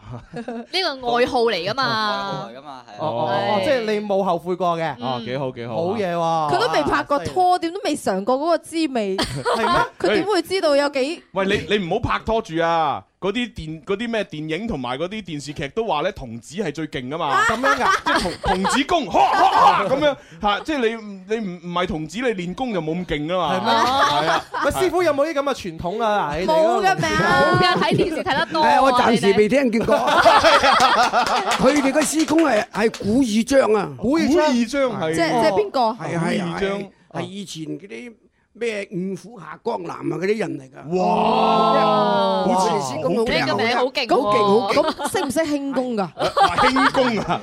個愛好嚟噶嘛，噶嘛係，是哦，即係你冇後悔過嘅，嗯、哦，幾好幾好，好嘢喎，佢哇都未拍過拖，點害都未嘗過嗰個滋味，係咩， [LAUGHS] 佢點會知道有幾？喂，你你唔好拍拖住啊！嗰啲電啲咩電影同埋嗰啲電視劇都話咧童子係最勁㗎嘛，咁樣㗎，即係童童子功，咁樣嚇，即係你你唔唔係童子，你練功就冇咁勁㗎嘛。係咩？咪師傅有冇啲咁嘅傳統啊？冇嘅咩？冇嘅，睇電視睇得多，我暫時未聽見過。佢哋嘅師公係係古二章啊。古二章係。即係即係邊個？係係二章，係以前嗰啲。咩五虎下江南啊！嗰啲人嚟噶，哇！好似師公咁好勁，好勁，好勁，咁識唔識輕功噶？輕功啊，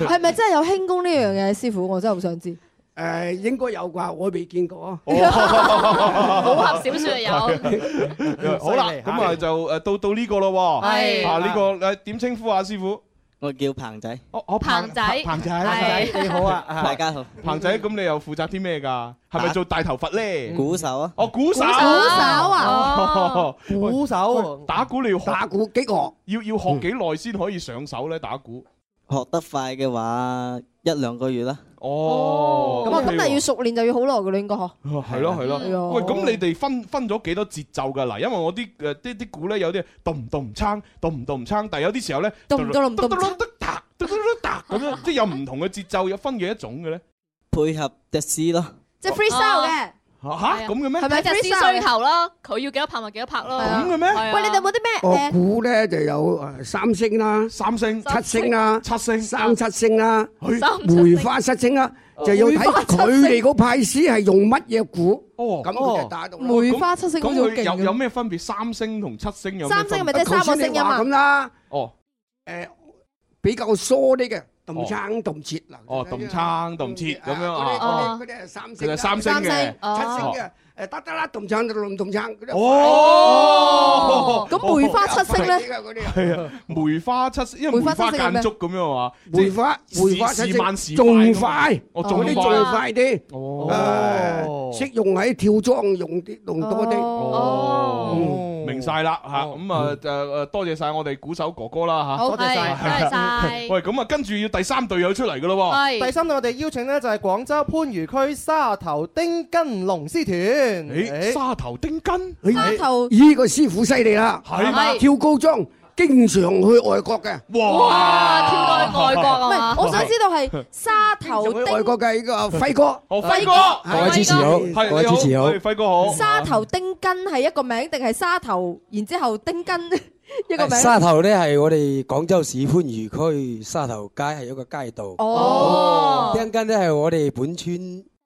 係咪真係有輕功呢樣嘢？師傅，我真係好想知。誒，應該有啩，我未見過啊。武俠小說有。好啦，咁啊就誒到到呢個咯。係。嗱呢個誒點稱呼啊師傅？我叫彭仔，哦、彭仔，彭仔， [LAUGHS] 你好啊，大家好。彭仔，咁你又負責啲咩噶？係咪做大頭佛咧？鼓、啊、手啊，哦，鼓手，鼓手啊，鼓、哦、手、啊哦手哦，打鼓你要學打鼓，幾樂？要要學幾耐先可以上手咧？打鼓？嗯學得快嘅話，一兩個月啦。哦，咁啊，咁但係要熟練就要好耐㗎喇，應該嗬。係咯係咯。喂，咁你哋分分咗幾多節奏㗎嗱？因為我啲誒啲啲鼓咧有啲動唔動唔撐，動唔動唔撐，但係有啲時候咧，咚咚咚咚咚咚咚咚咚咚咚咁樣，即係有唔同嘅節奏，有分嘅一種嘅咧。配合得斯咯，即係 free style 嘅。吓咁嘅咩？係咪就是需求咯？佢要幾多拍咪幾多拍咯？咁嘅咩？喂，你哋有冇啲咩？我估咧就有三星啦，三星七星啦，七星三七星啦，梅花七星啦。就要睇下佢哋個派司係用乜嘢估。哦。咁我打梅花七星咁佢有有咩分別？三星同七星有咩？三星係咪即係三個聲音啊？咁啦，哦，誒，比較疏啲嘅。動撐動切，哦，動撐動切咁樣啊！佢係三星嘅，三星嘅，誒，得得啦，動撐動動撐。哦，咁梅花七星咧？係啊，梅花七星，因為梅花間竹咁樣啊嘛，梅花，梅花仲快仲快，仲快，嗰啲仲快啲，誒，識用喺跳樁用啲用多啲。明晒啦吓，咁啊誒誒，多謝晒我哋鼓手哥哥啦吓，多謝晒，多謝晒。喂，咁啊，跟住要第三隊友出嚟噶咯，係第三隊我哋邀請咧就係廣州番禺區沙頭丁根龍獅團，沙頭丁根，沙頭依個師傅犀利啦，係跳高樁。經常去外國嘅，哇跳到去外國啊嘛！我想知道係沙頭丁根嘅輝哥，輝哥，各位支持好，各位支持好，輝哥好。沙頭丁根係一個名，定係沙頭然之後丁根一個名？沙頭咧係我哋廣州市番禺區沙頭街係一個街道。哦，丁根咧係我哋本村。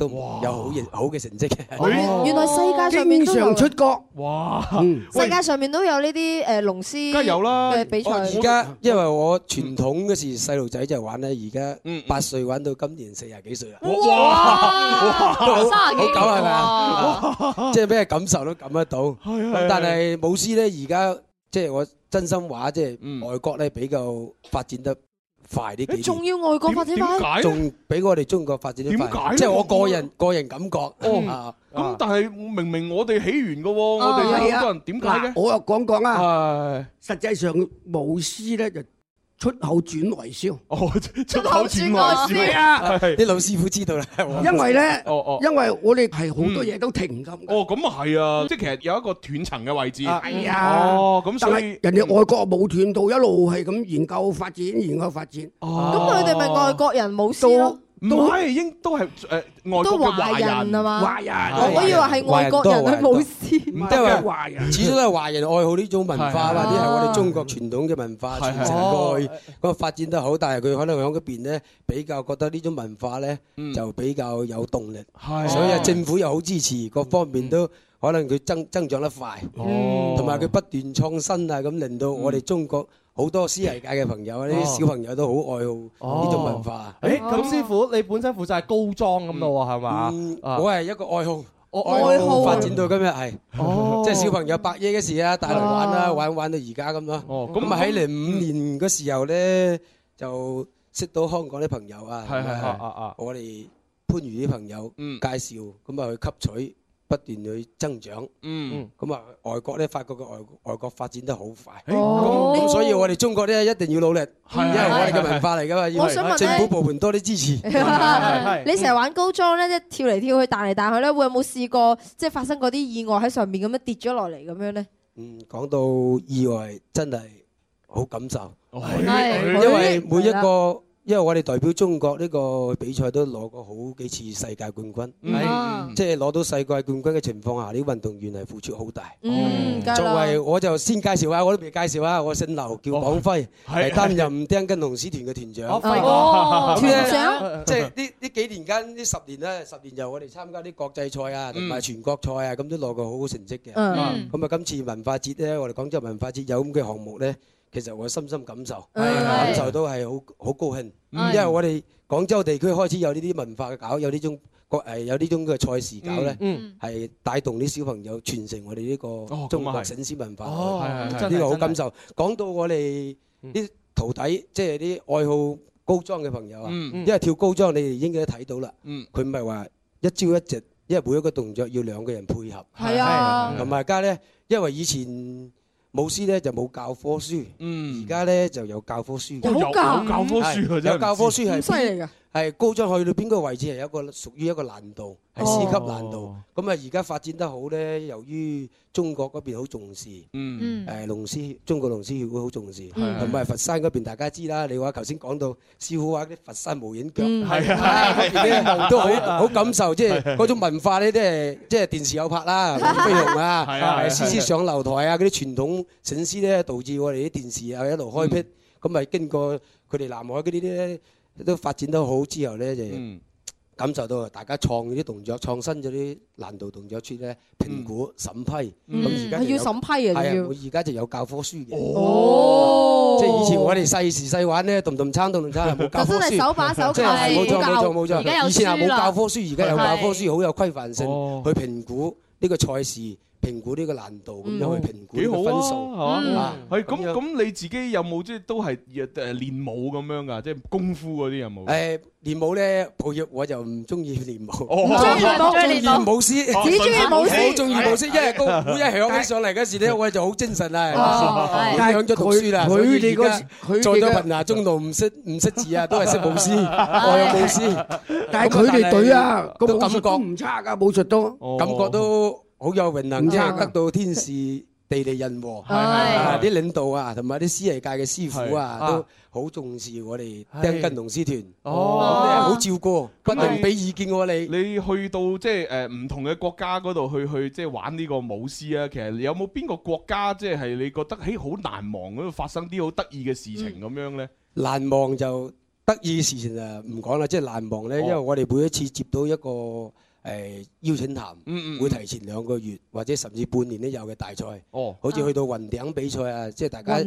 都哇有好嘅好嘅成績嘅，原來世界上經常出國哇，世界上面都有呢啲誒龍獅嘅比賽。而家因為我傳統嗰時細路仔就玩咧，而家八歲玩到今年四廿幾歲啊！哇，三廿幾好久係咪啊？即係咩感受都感得到。咁但係舞獅咧，而家即係我真心話，即係外國咧比較發展得。快啲！仲要外國發展快，仲俾我哋中國發展點解，即係我個人個人感覺。咁但係明明我哋起源嘅喎，我哋好多人點解嘅？我又講講啊，實際上巫師咧就。出口轉外銷、哦，出口轉外銷啊！啲老師傅知道啦。啊、因為咧，哦哦、因為我哋係好多嘢都停㗎、嗯。哦，咁啊係啊，即係其實有一個斷層嘅位置。係啊，咁。但係人哋外國冇斷到，嗯、一路係咁研究發展，研究發展。哦。咁佢哋咪外國人冇事。唔係，應都係誒外國嘅華人啊嘛，華人，我以為係外國人啊，冇事。唔得話華人，始終都係華人愛好呢種文化，或者係我哋中國傳統嘅文化傳承過去，咁發展得好大。但係佢可能喺嗰邊咧，比較覺得呢種文化咧就比較有動力，所以政府又好支持，各方面都。可能佢增增長得快，同埋佢不斷創新啊，咁令到我哋中國好多獅藝界嘅朋友啊，啲小朋友都好愛好呢種文化。誒，咁師傅你本身負責高裝咁咯，係嘛？我係一個愛好，愛好發展到今日係，即係小朋友百億嘅事啊，帶嚟玩啦，玩玩到而家咁咯。咁啊喺零五年嗰時候咧，就識到香港啲朋友啊，我哋番禺啲朋友介紹，咁啊去吸取。不斷去增長，嗯，咁啊，外國咧，發覺個外外國發展得好快，咁咁，所以我哋中國咧一定要努力，係係係因為我哋嘅文化嚟噶嘛，我想問政府部門多啲支持。你成日玩高樁咧，即係跳嚟跳去、彈嚟彈去咧，會有冇試過即係發生嗰啲意外喺上面咁樣跌咗落嚟咁樣咧？嗯，講到意外真係好感受，係因為每一個。因為我哋代表中國呢個比賽都攞過好幾次世界冠軍，係即係攞到世界冠軍嘅情況下，啲運動員係付出好大。嗯，作為我就先介紹下，我都未介紹下，我姓劉，叫廣輝，係擔任天津龍獅團嘅團長。哦，團長，即係呢呢幾年間呢十年咧，十年由我哋參加啲國際賽啊，同埋全國賽啊，咁都攞過好好成績嘅。嗯，咁啊，今次文化節咧，我哋廣州文化節有咁嘅項目咧。其實我深深感受，感受到係好好高興，因為我哋廣州地區開始有呢啲文化嘅搞，有呢種國係有呢種嘅賽事搞咧，係帶動啲小朋友傳承我哋呢個中國醒獅文化。哦，係，呢個好感受。講到我哋啲徒弟，即係啲愛好高裝嘅朋友啊，因為跳高裝你哋應該都睇到啦。嗯，佢唔係話一朝一夕，因為每一個動作要兩個人配合。係啊，同埋家咧，因為以前。老師呢，就冇教科書，而家、嗯、呢，就有教科書有有，有教科書、嗯、有教科書，好犀利噶。係高將去到邊個位置係一個屬於一個難度，係市級難度。咁啊，而家發展得好咧，由於中國嗰邊好重視，嗯誒，龍獅，中國龍獅會好重視，同埋佛山嗰邊大家知啦。你話頭先講到師傅話啲佛山無影腳，係啊，嗰啲都好好感受，即係嗰種文化咧，即係即係電視有拍啦，飛鴻啊，獅子上樓台啊，嗰啲傳統醒獅咧，導致我哋啲電視啊一路開闢，咁咪經過佢哋南海嗰啲咧。都發展得好之後咧，就感受到大家創嗰啲動作，創新咗啲難度動作出咧，評估審批。咁而家要審批啊，要。係啊，而家就有教科書嘅。哦，即係以前我哋細時細玩咧，棟棟撐，棟棟撐，冇教科書。就真係手把手教，即係冇錯冇錯冇錯。而家有書啦。係啊，係啊。以前啊冇教科書，而家有教科書，好有規範性去評估呢個賽事。評估呢個難度咁又去評估個分數，係嘛？係咁咁，你自己有冇即係都係誒練武咁樣㗎？即係功夫嗰啲有冇？誒練武咧，抱歉，我就唔中意練武。唔中意練武，中意舞獅。好中意舞獅。中意舞獅，因為武一響起上嚟嗰時咧，我就好精神啊！但係佢佢哋個在咗貧難中道唔識唔識字啊，都係識舞獅。我有舞獅，但係佢哋隊啊，個感覺都唔差㗎，武術都感覺都。好有榮幸，即係、uh huh. 得到天時地利人和，啲、 [LAUGHS] 啊、領導啊，同埋啲獅藝界嘅師傅啊，是都好重視我哋釘筋龍獅團，好、啊、照顧，哦、不停俾意見我哋。你去到即係誒唔同嘅國家嗰度去去即係、就是、玩呢個舞獅啊，其實有冇邊個國家即係、就是、你覺得誒好難忘嗰度發生啲好得意嘅事情咁、嗯、樣咧？難忘就得意嘅事情就唔講啦，即、就、係、是、難忘咧，因為我哋每一次接到一個。誒邀請函會提前兩個月或者甚至半年都有嘅大賽，哦，好似去到雲頂比賽啊，即係大家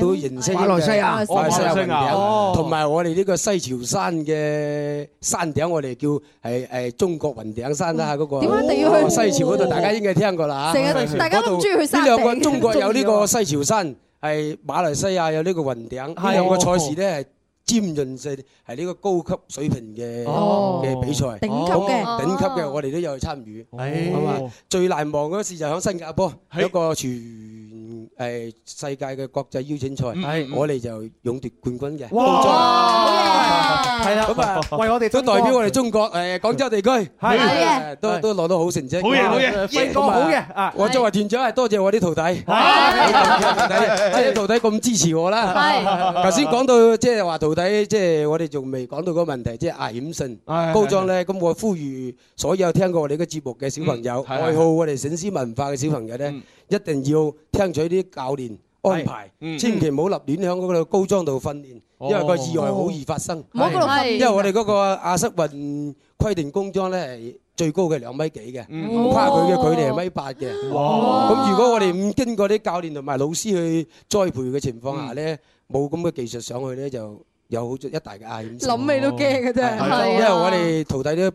都認識馬來西亞、馬來西亞，同埋我哋呢個西樵山嘅山頂，我哋叫誒誒中國雲頂山啦嗰個。點解一定要去西樵嗰度？大家應該聽過啦嚇。大家都中意去山頂。呢兩個中國有呢個西樵山，係馬來西亞有呢個雲頂。呢兩個賽事咧尖潤性係呢個高級水平嘅嘅、oh. 比賽，頂、oh. 級嘅，頂級嘅，我哋都有參與。係嘛，最難忘嗰次就響新加坡，Hey. 一個全。誒，世界嘅國際邀請賽，我哋就勇奪冠軍嘅。哇！係啦，咁啊，為我哋都代表我哋中國誒，廣州地區係，都都攞到好成績。好嘢，好嘢，咁好嘅啊！我作為團長，係多謝我啲徒弟，係徒弟，係啊，徒弟咁支持我啦。係頭先講到，即係話徒弟，即係我哋仲未講到個問題，即係危險性、高裝咧。咁我呼籲所有聽過我哋嘅節目嘅小朋友，愛好我哋醒獅文化嘅小朋友咧。一定要聽取啲教練安排，千祈唔好立亂響嗰個高裝度訓練，因為個意外好易發生。因為我哋嗰個亞瑟運規定工裝咧係最高嘅兩米幾嘅，跨佢嘅距離係米八嘅。咁如果我哋唔經過啲教練同埋老師去栽培嘅情況下咧，冇咁嘅技術上去咧，就有好一大嘅危險。諗起都驚嘅啫，因為我哋徒弟都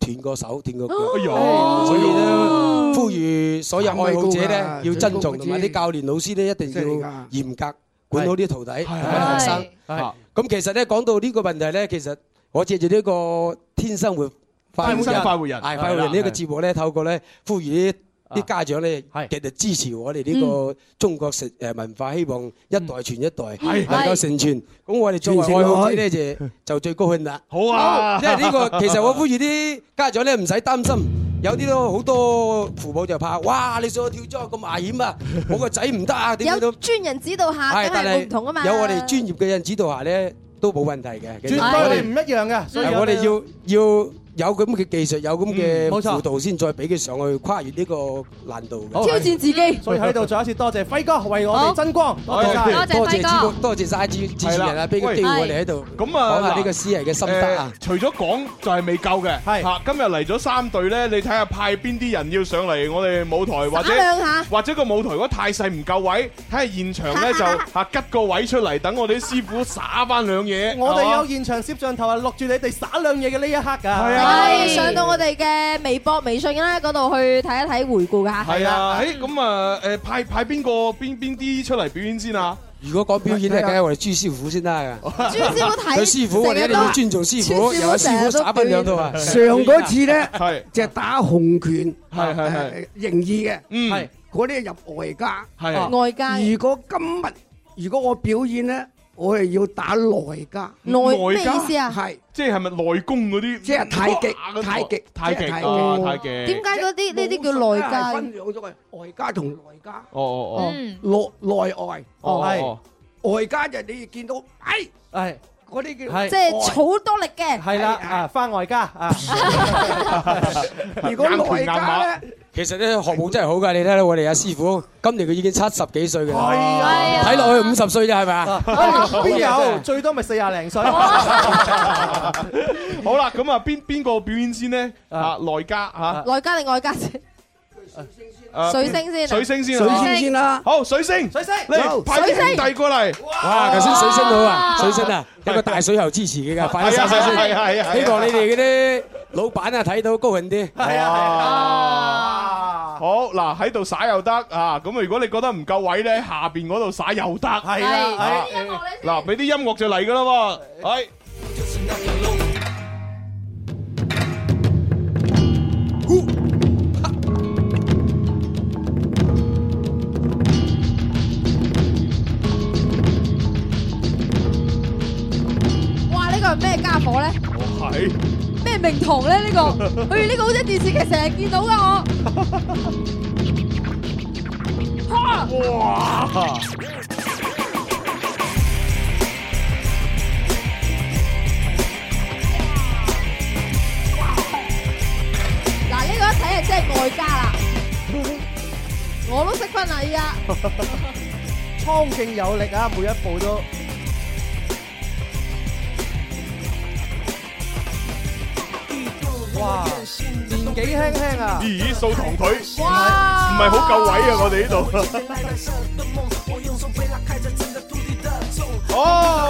斷過手、斷過腳。呼籲所有愛好者咧要珍重，同埋啲教練老師咧一定要嚴格管好啲徒弟、學生。咁其實咧講到呢個問題咧，其實我藉住呢個天生活快活人，係快活人呢一個節目咧，透過咧呼籲啲啲家長咧，極力支持我哋呢個中國獅藝文化，希望一代傳一代能夠承傳。咁我哋作為愛好者咧，就就最高興啦！好啊，即係呢個其實我呼籲啲家長咧，唔使擔心。有啲都好多父母就怕，哇！你上去跳樁咁危險啊！我個仔唔得啊！有專人指導下對，係但係唔同啊嘛。有我哋專業嘅人指導下呢，都冇問題嘅。絕對係唔一樣嘅，所以我哋要要。有咁嘅技術，有咁嘅舞蹈，先再俾佢上去跨越呢個難度。挑戰自己。所以喺度再一次多謝輝哥為我哋爭光，多謝輝哥，多謝師傅，多謝晒主持人啊，俾個機會你喺度。咁啊，講下呢個獅藝嘅心得啊。除咗講就係未夠嘅，係今日嚟咗三隊咧，你睇下派邊啲人要上嚟我哋舞台，或者或者個舞台如果太細唔夠位，睇下現場咧就嚇吉個位出嚟，等我哋啲師傅耍翻兩嘢。我哋有現場攝像頭啊，錄住你哋耍兩嘢嘅呢一刻㗎。係啊。係上到我哋嘅微博、微信啦，嗰度去睇一睇回顧噶。係啊，誒咁啊，誒派派邊個邊邊啲出嚟表演先啊？如果講表演咧，梗係我哋朱師傅先得啊。朱師傅睇，師傅我哋都尊重師傅，由師傅打分上到啊。上嗰次咧，係就打紅拳，係係係形意嘅。嗯，係嗰啲入外家，係外家。如果今日如果我表演咧。我係要打內家，內家咩意思啊？係即係咪內功嗰啲？即係太極、太極、太極太極。點解嗰啲呢啲叫內家？分兩種嘅，外家同內家。哦哦哦，內內外，係外家就你見到係係嗰啲叫即係草多力嘅。係啦，啊，返外家啊。如果內家咧？其實咧，學武真係好噶，你睇下我哋阿師傅，今年佢已經七十幾歲㗎喇，睇落去五十歲啫，係咪啊？邊有？最多咪四廿零歲。好啦，咁啊，邊邊個表演先呢？啊，內、啊、家吓，內、啊、家定外家先？ [LAUGHS] 啊水星先，水星先，水星先啦！好，水星，水星，嚟，派啲兄弟過嚟！哇，頭先水星好啊，水星啊，有個大水喉支持嘅，快啲水星，係啊係啊！希望你哋嗰啲老闆啊睇到高興啲，係啊係啊！好嗱，喺度耍又得啊，咁啊如果你覺得唔夠位咧，下邊嗰度耍又得，係啦，係啦。嗱，俾啲音樂就嚟噶啦喎，係。咩家伙咧，哦這個這個？我係咩名堂咧？呢個，佢呢個好似電視劇成日見到噶我。哇！嗱，呢個一睇啊，真係外家啦， [MUSIC] 我都識分啦依家。蒼勁 [LAUGHS] 有力啊，每一步都。哇，年紀輕輕啊！咦咦，掃堂腿，唔係好夠位啊！我哋呢度。好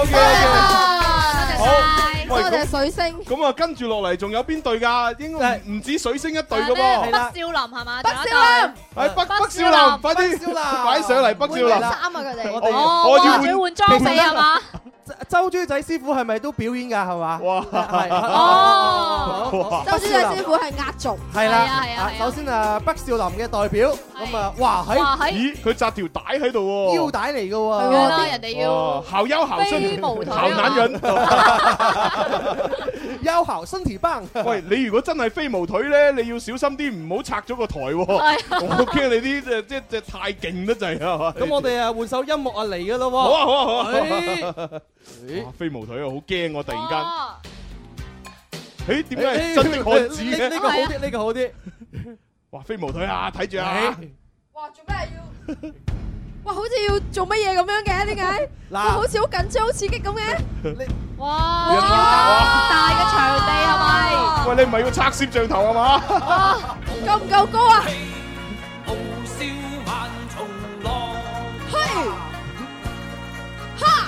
，OK OK。好，喂，咁我哋水星。咁啊，跟住落嚟仲有邊隊噶？應該唔唔止水星一隊噶噃。北少林係嘛？北少林。係北北少林，快啲擺上嚟北少林。三啊佢哋，我哋哦要換裝備啊嘛。周豬仔師傅係咪都表演噶係嘛？哇，係哦，周豬仔師傅係壓軸，係啦，係啊，係啊，首先啊，北少林嘅代表咁啊，哇喺，咦，佢紮條帶喺度腰帶嚟噶，係啦，人哋要，姣姣身條，姣眼忍，姣姣身體棒。喂，你如果真係飛毛腿咧，你要小心啲，唔好拆咗個台。我驚你啲即係即係太勁得滯係嘛。咁我哋啊換首音樂啊嚟噶咯，好啊好啊好啊。哇！飛毛腿啊，好驚我突然間。誒、 [LAUGHS] 啊，點解真的可止嘅？呢個好啲，呢個好啲。哇！飛毛腿啊，睇住啊。哇！做咩要？ [LAUGHS] 哇！好似要做乜嘢咁樣嘅？點解？嗱、啊，好似好緊張、好刺激咁嘅。 [LAUGHS] 哇！咁大嘅場地係咪？喂，你唔係要拆攝像頭係咪 [LAUGHS] 啊？嘛？夠唔夠高啊？嗯哈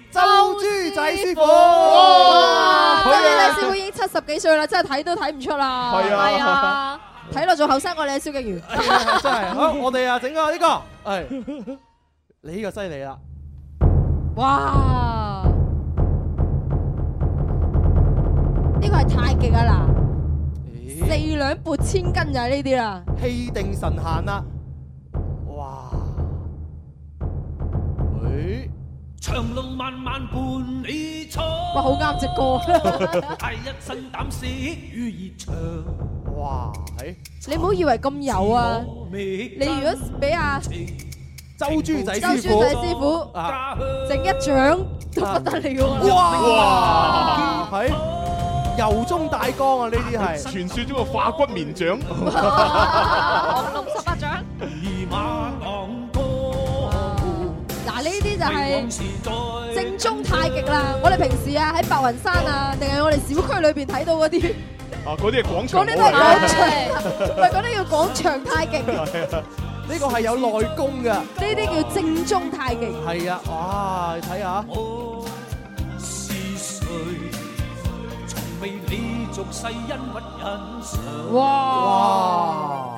周豬仔師傅，周豬仔師傅已經七十幾歲啦，真係睇都睇唔出啦，係啊，睇落仲後生過你蕭敬如，真係，好，我哋啊，整個呢個，係，哎，你，這，呢個犀利啦，哇，呢個係太極啊嗱，哎，呀四兩撥千斤就係呢啲啦，氣定神閒啦。長路漫漫伴你闖，哇，好啱隻歌！係一身膽識與熱腸，哇喺！你唔好以為咁油啊！你如果俾阿周豬仔師傅，周豬仔師傅啊，整一掌都不得你嘅哇！喺油中帶鋼啊！呢啲係傳說中嘅化骨綿掌，降龍十八掌。正宗太極啦！我哋平時啊喺白雲山啊，定係我哋小區裏邊睇到嗰啲啊，嗰啲係廣場，嗰啲都係廣場，唔係嗰啲叫廣場太極。呢個係有內功噶，呢啲叫正宗太極。係啊，哇！你睇下，是誰從未理俗世恩不忍嘗？哇！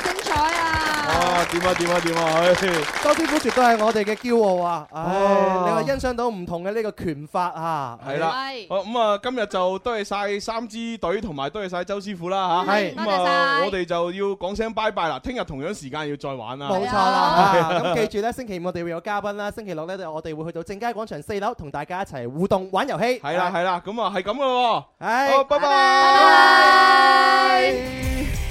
點啊點啊點啊！周師傅絕對係我哋嘅驕傲啊！唉，你又欣賞到唔同嘅呢個拳法啊！係啦，好咁啊，今日就多謝晒三支隊同埋多謝晒周師傅啦吓，係。多謝晒。我哋就要講聲拜拜啦！聽日同樣時間要再玩啦。冇錯啦。咁記住咧，星期五我哋會有嘉賓啦，星期六咧我哋會去到正佳廣場四樓同大家一齊互動玩遊戲。係啦係啦，咁啊係咁嘅喎。唉，拜拜。拜。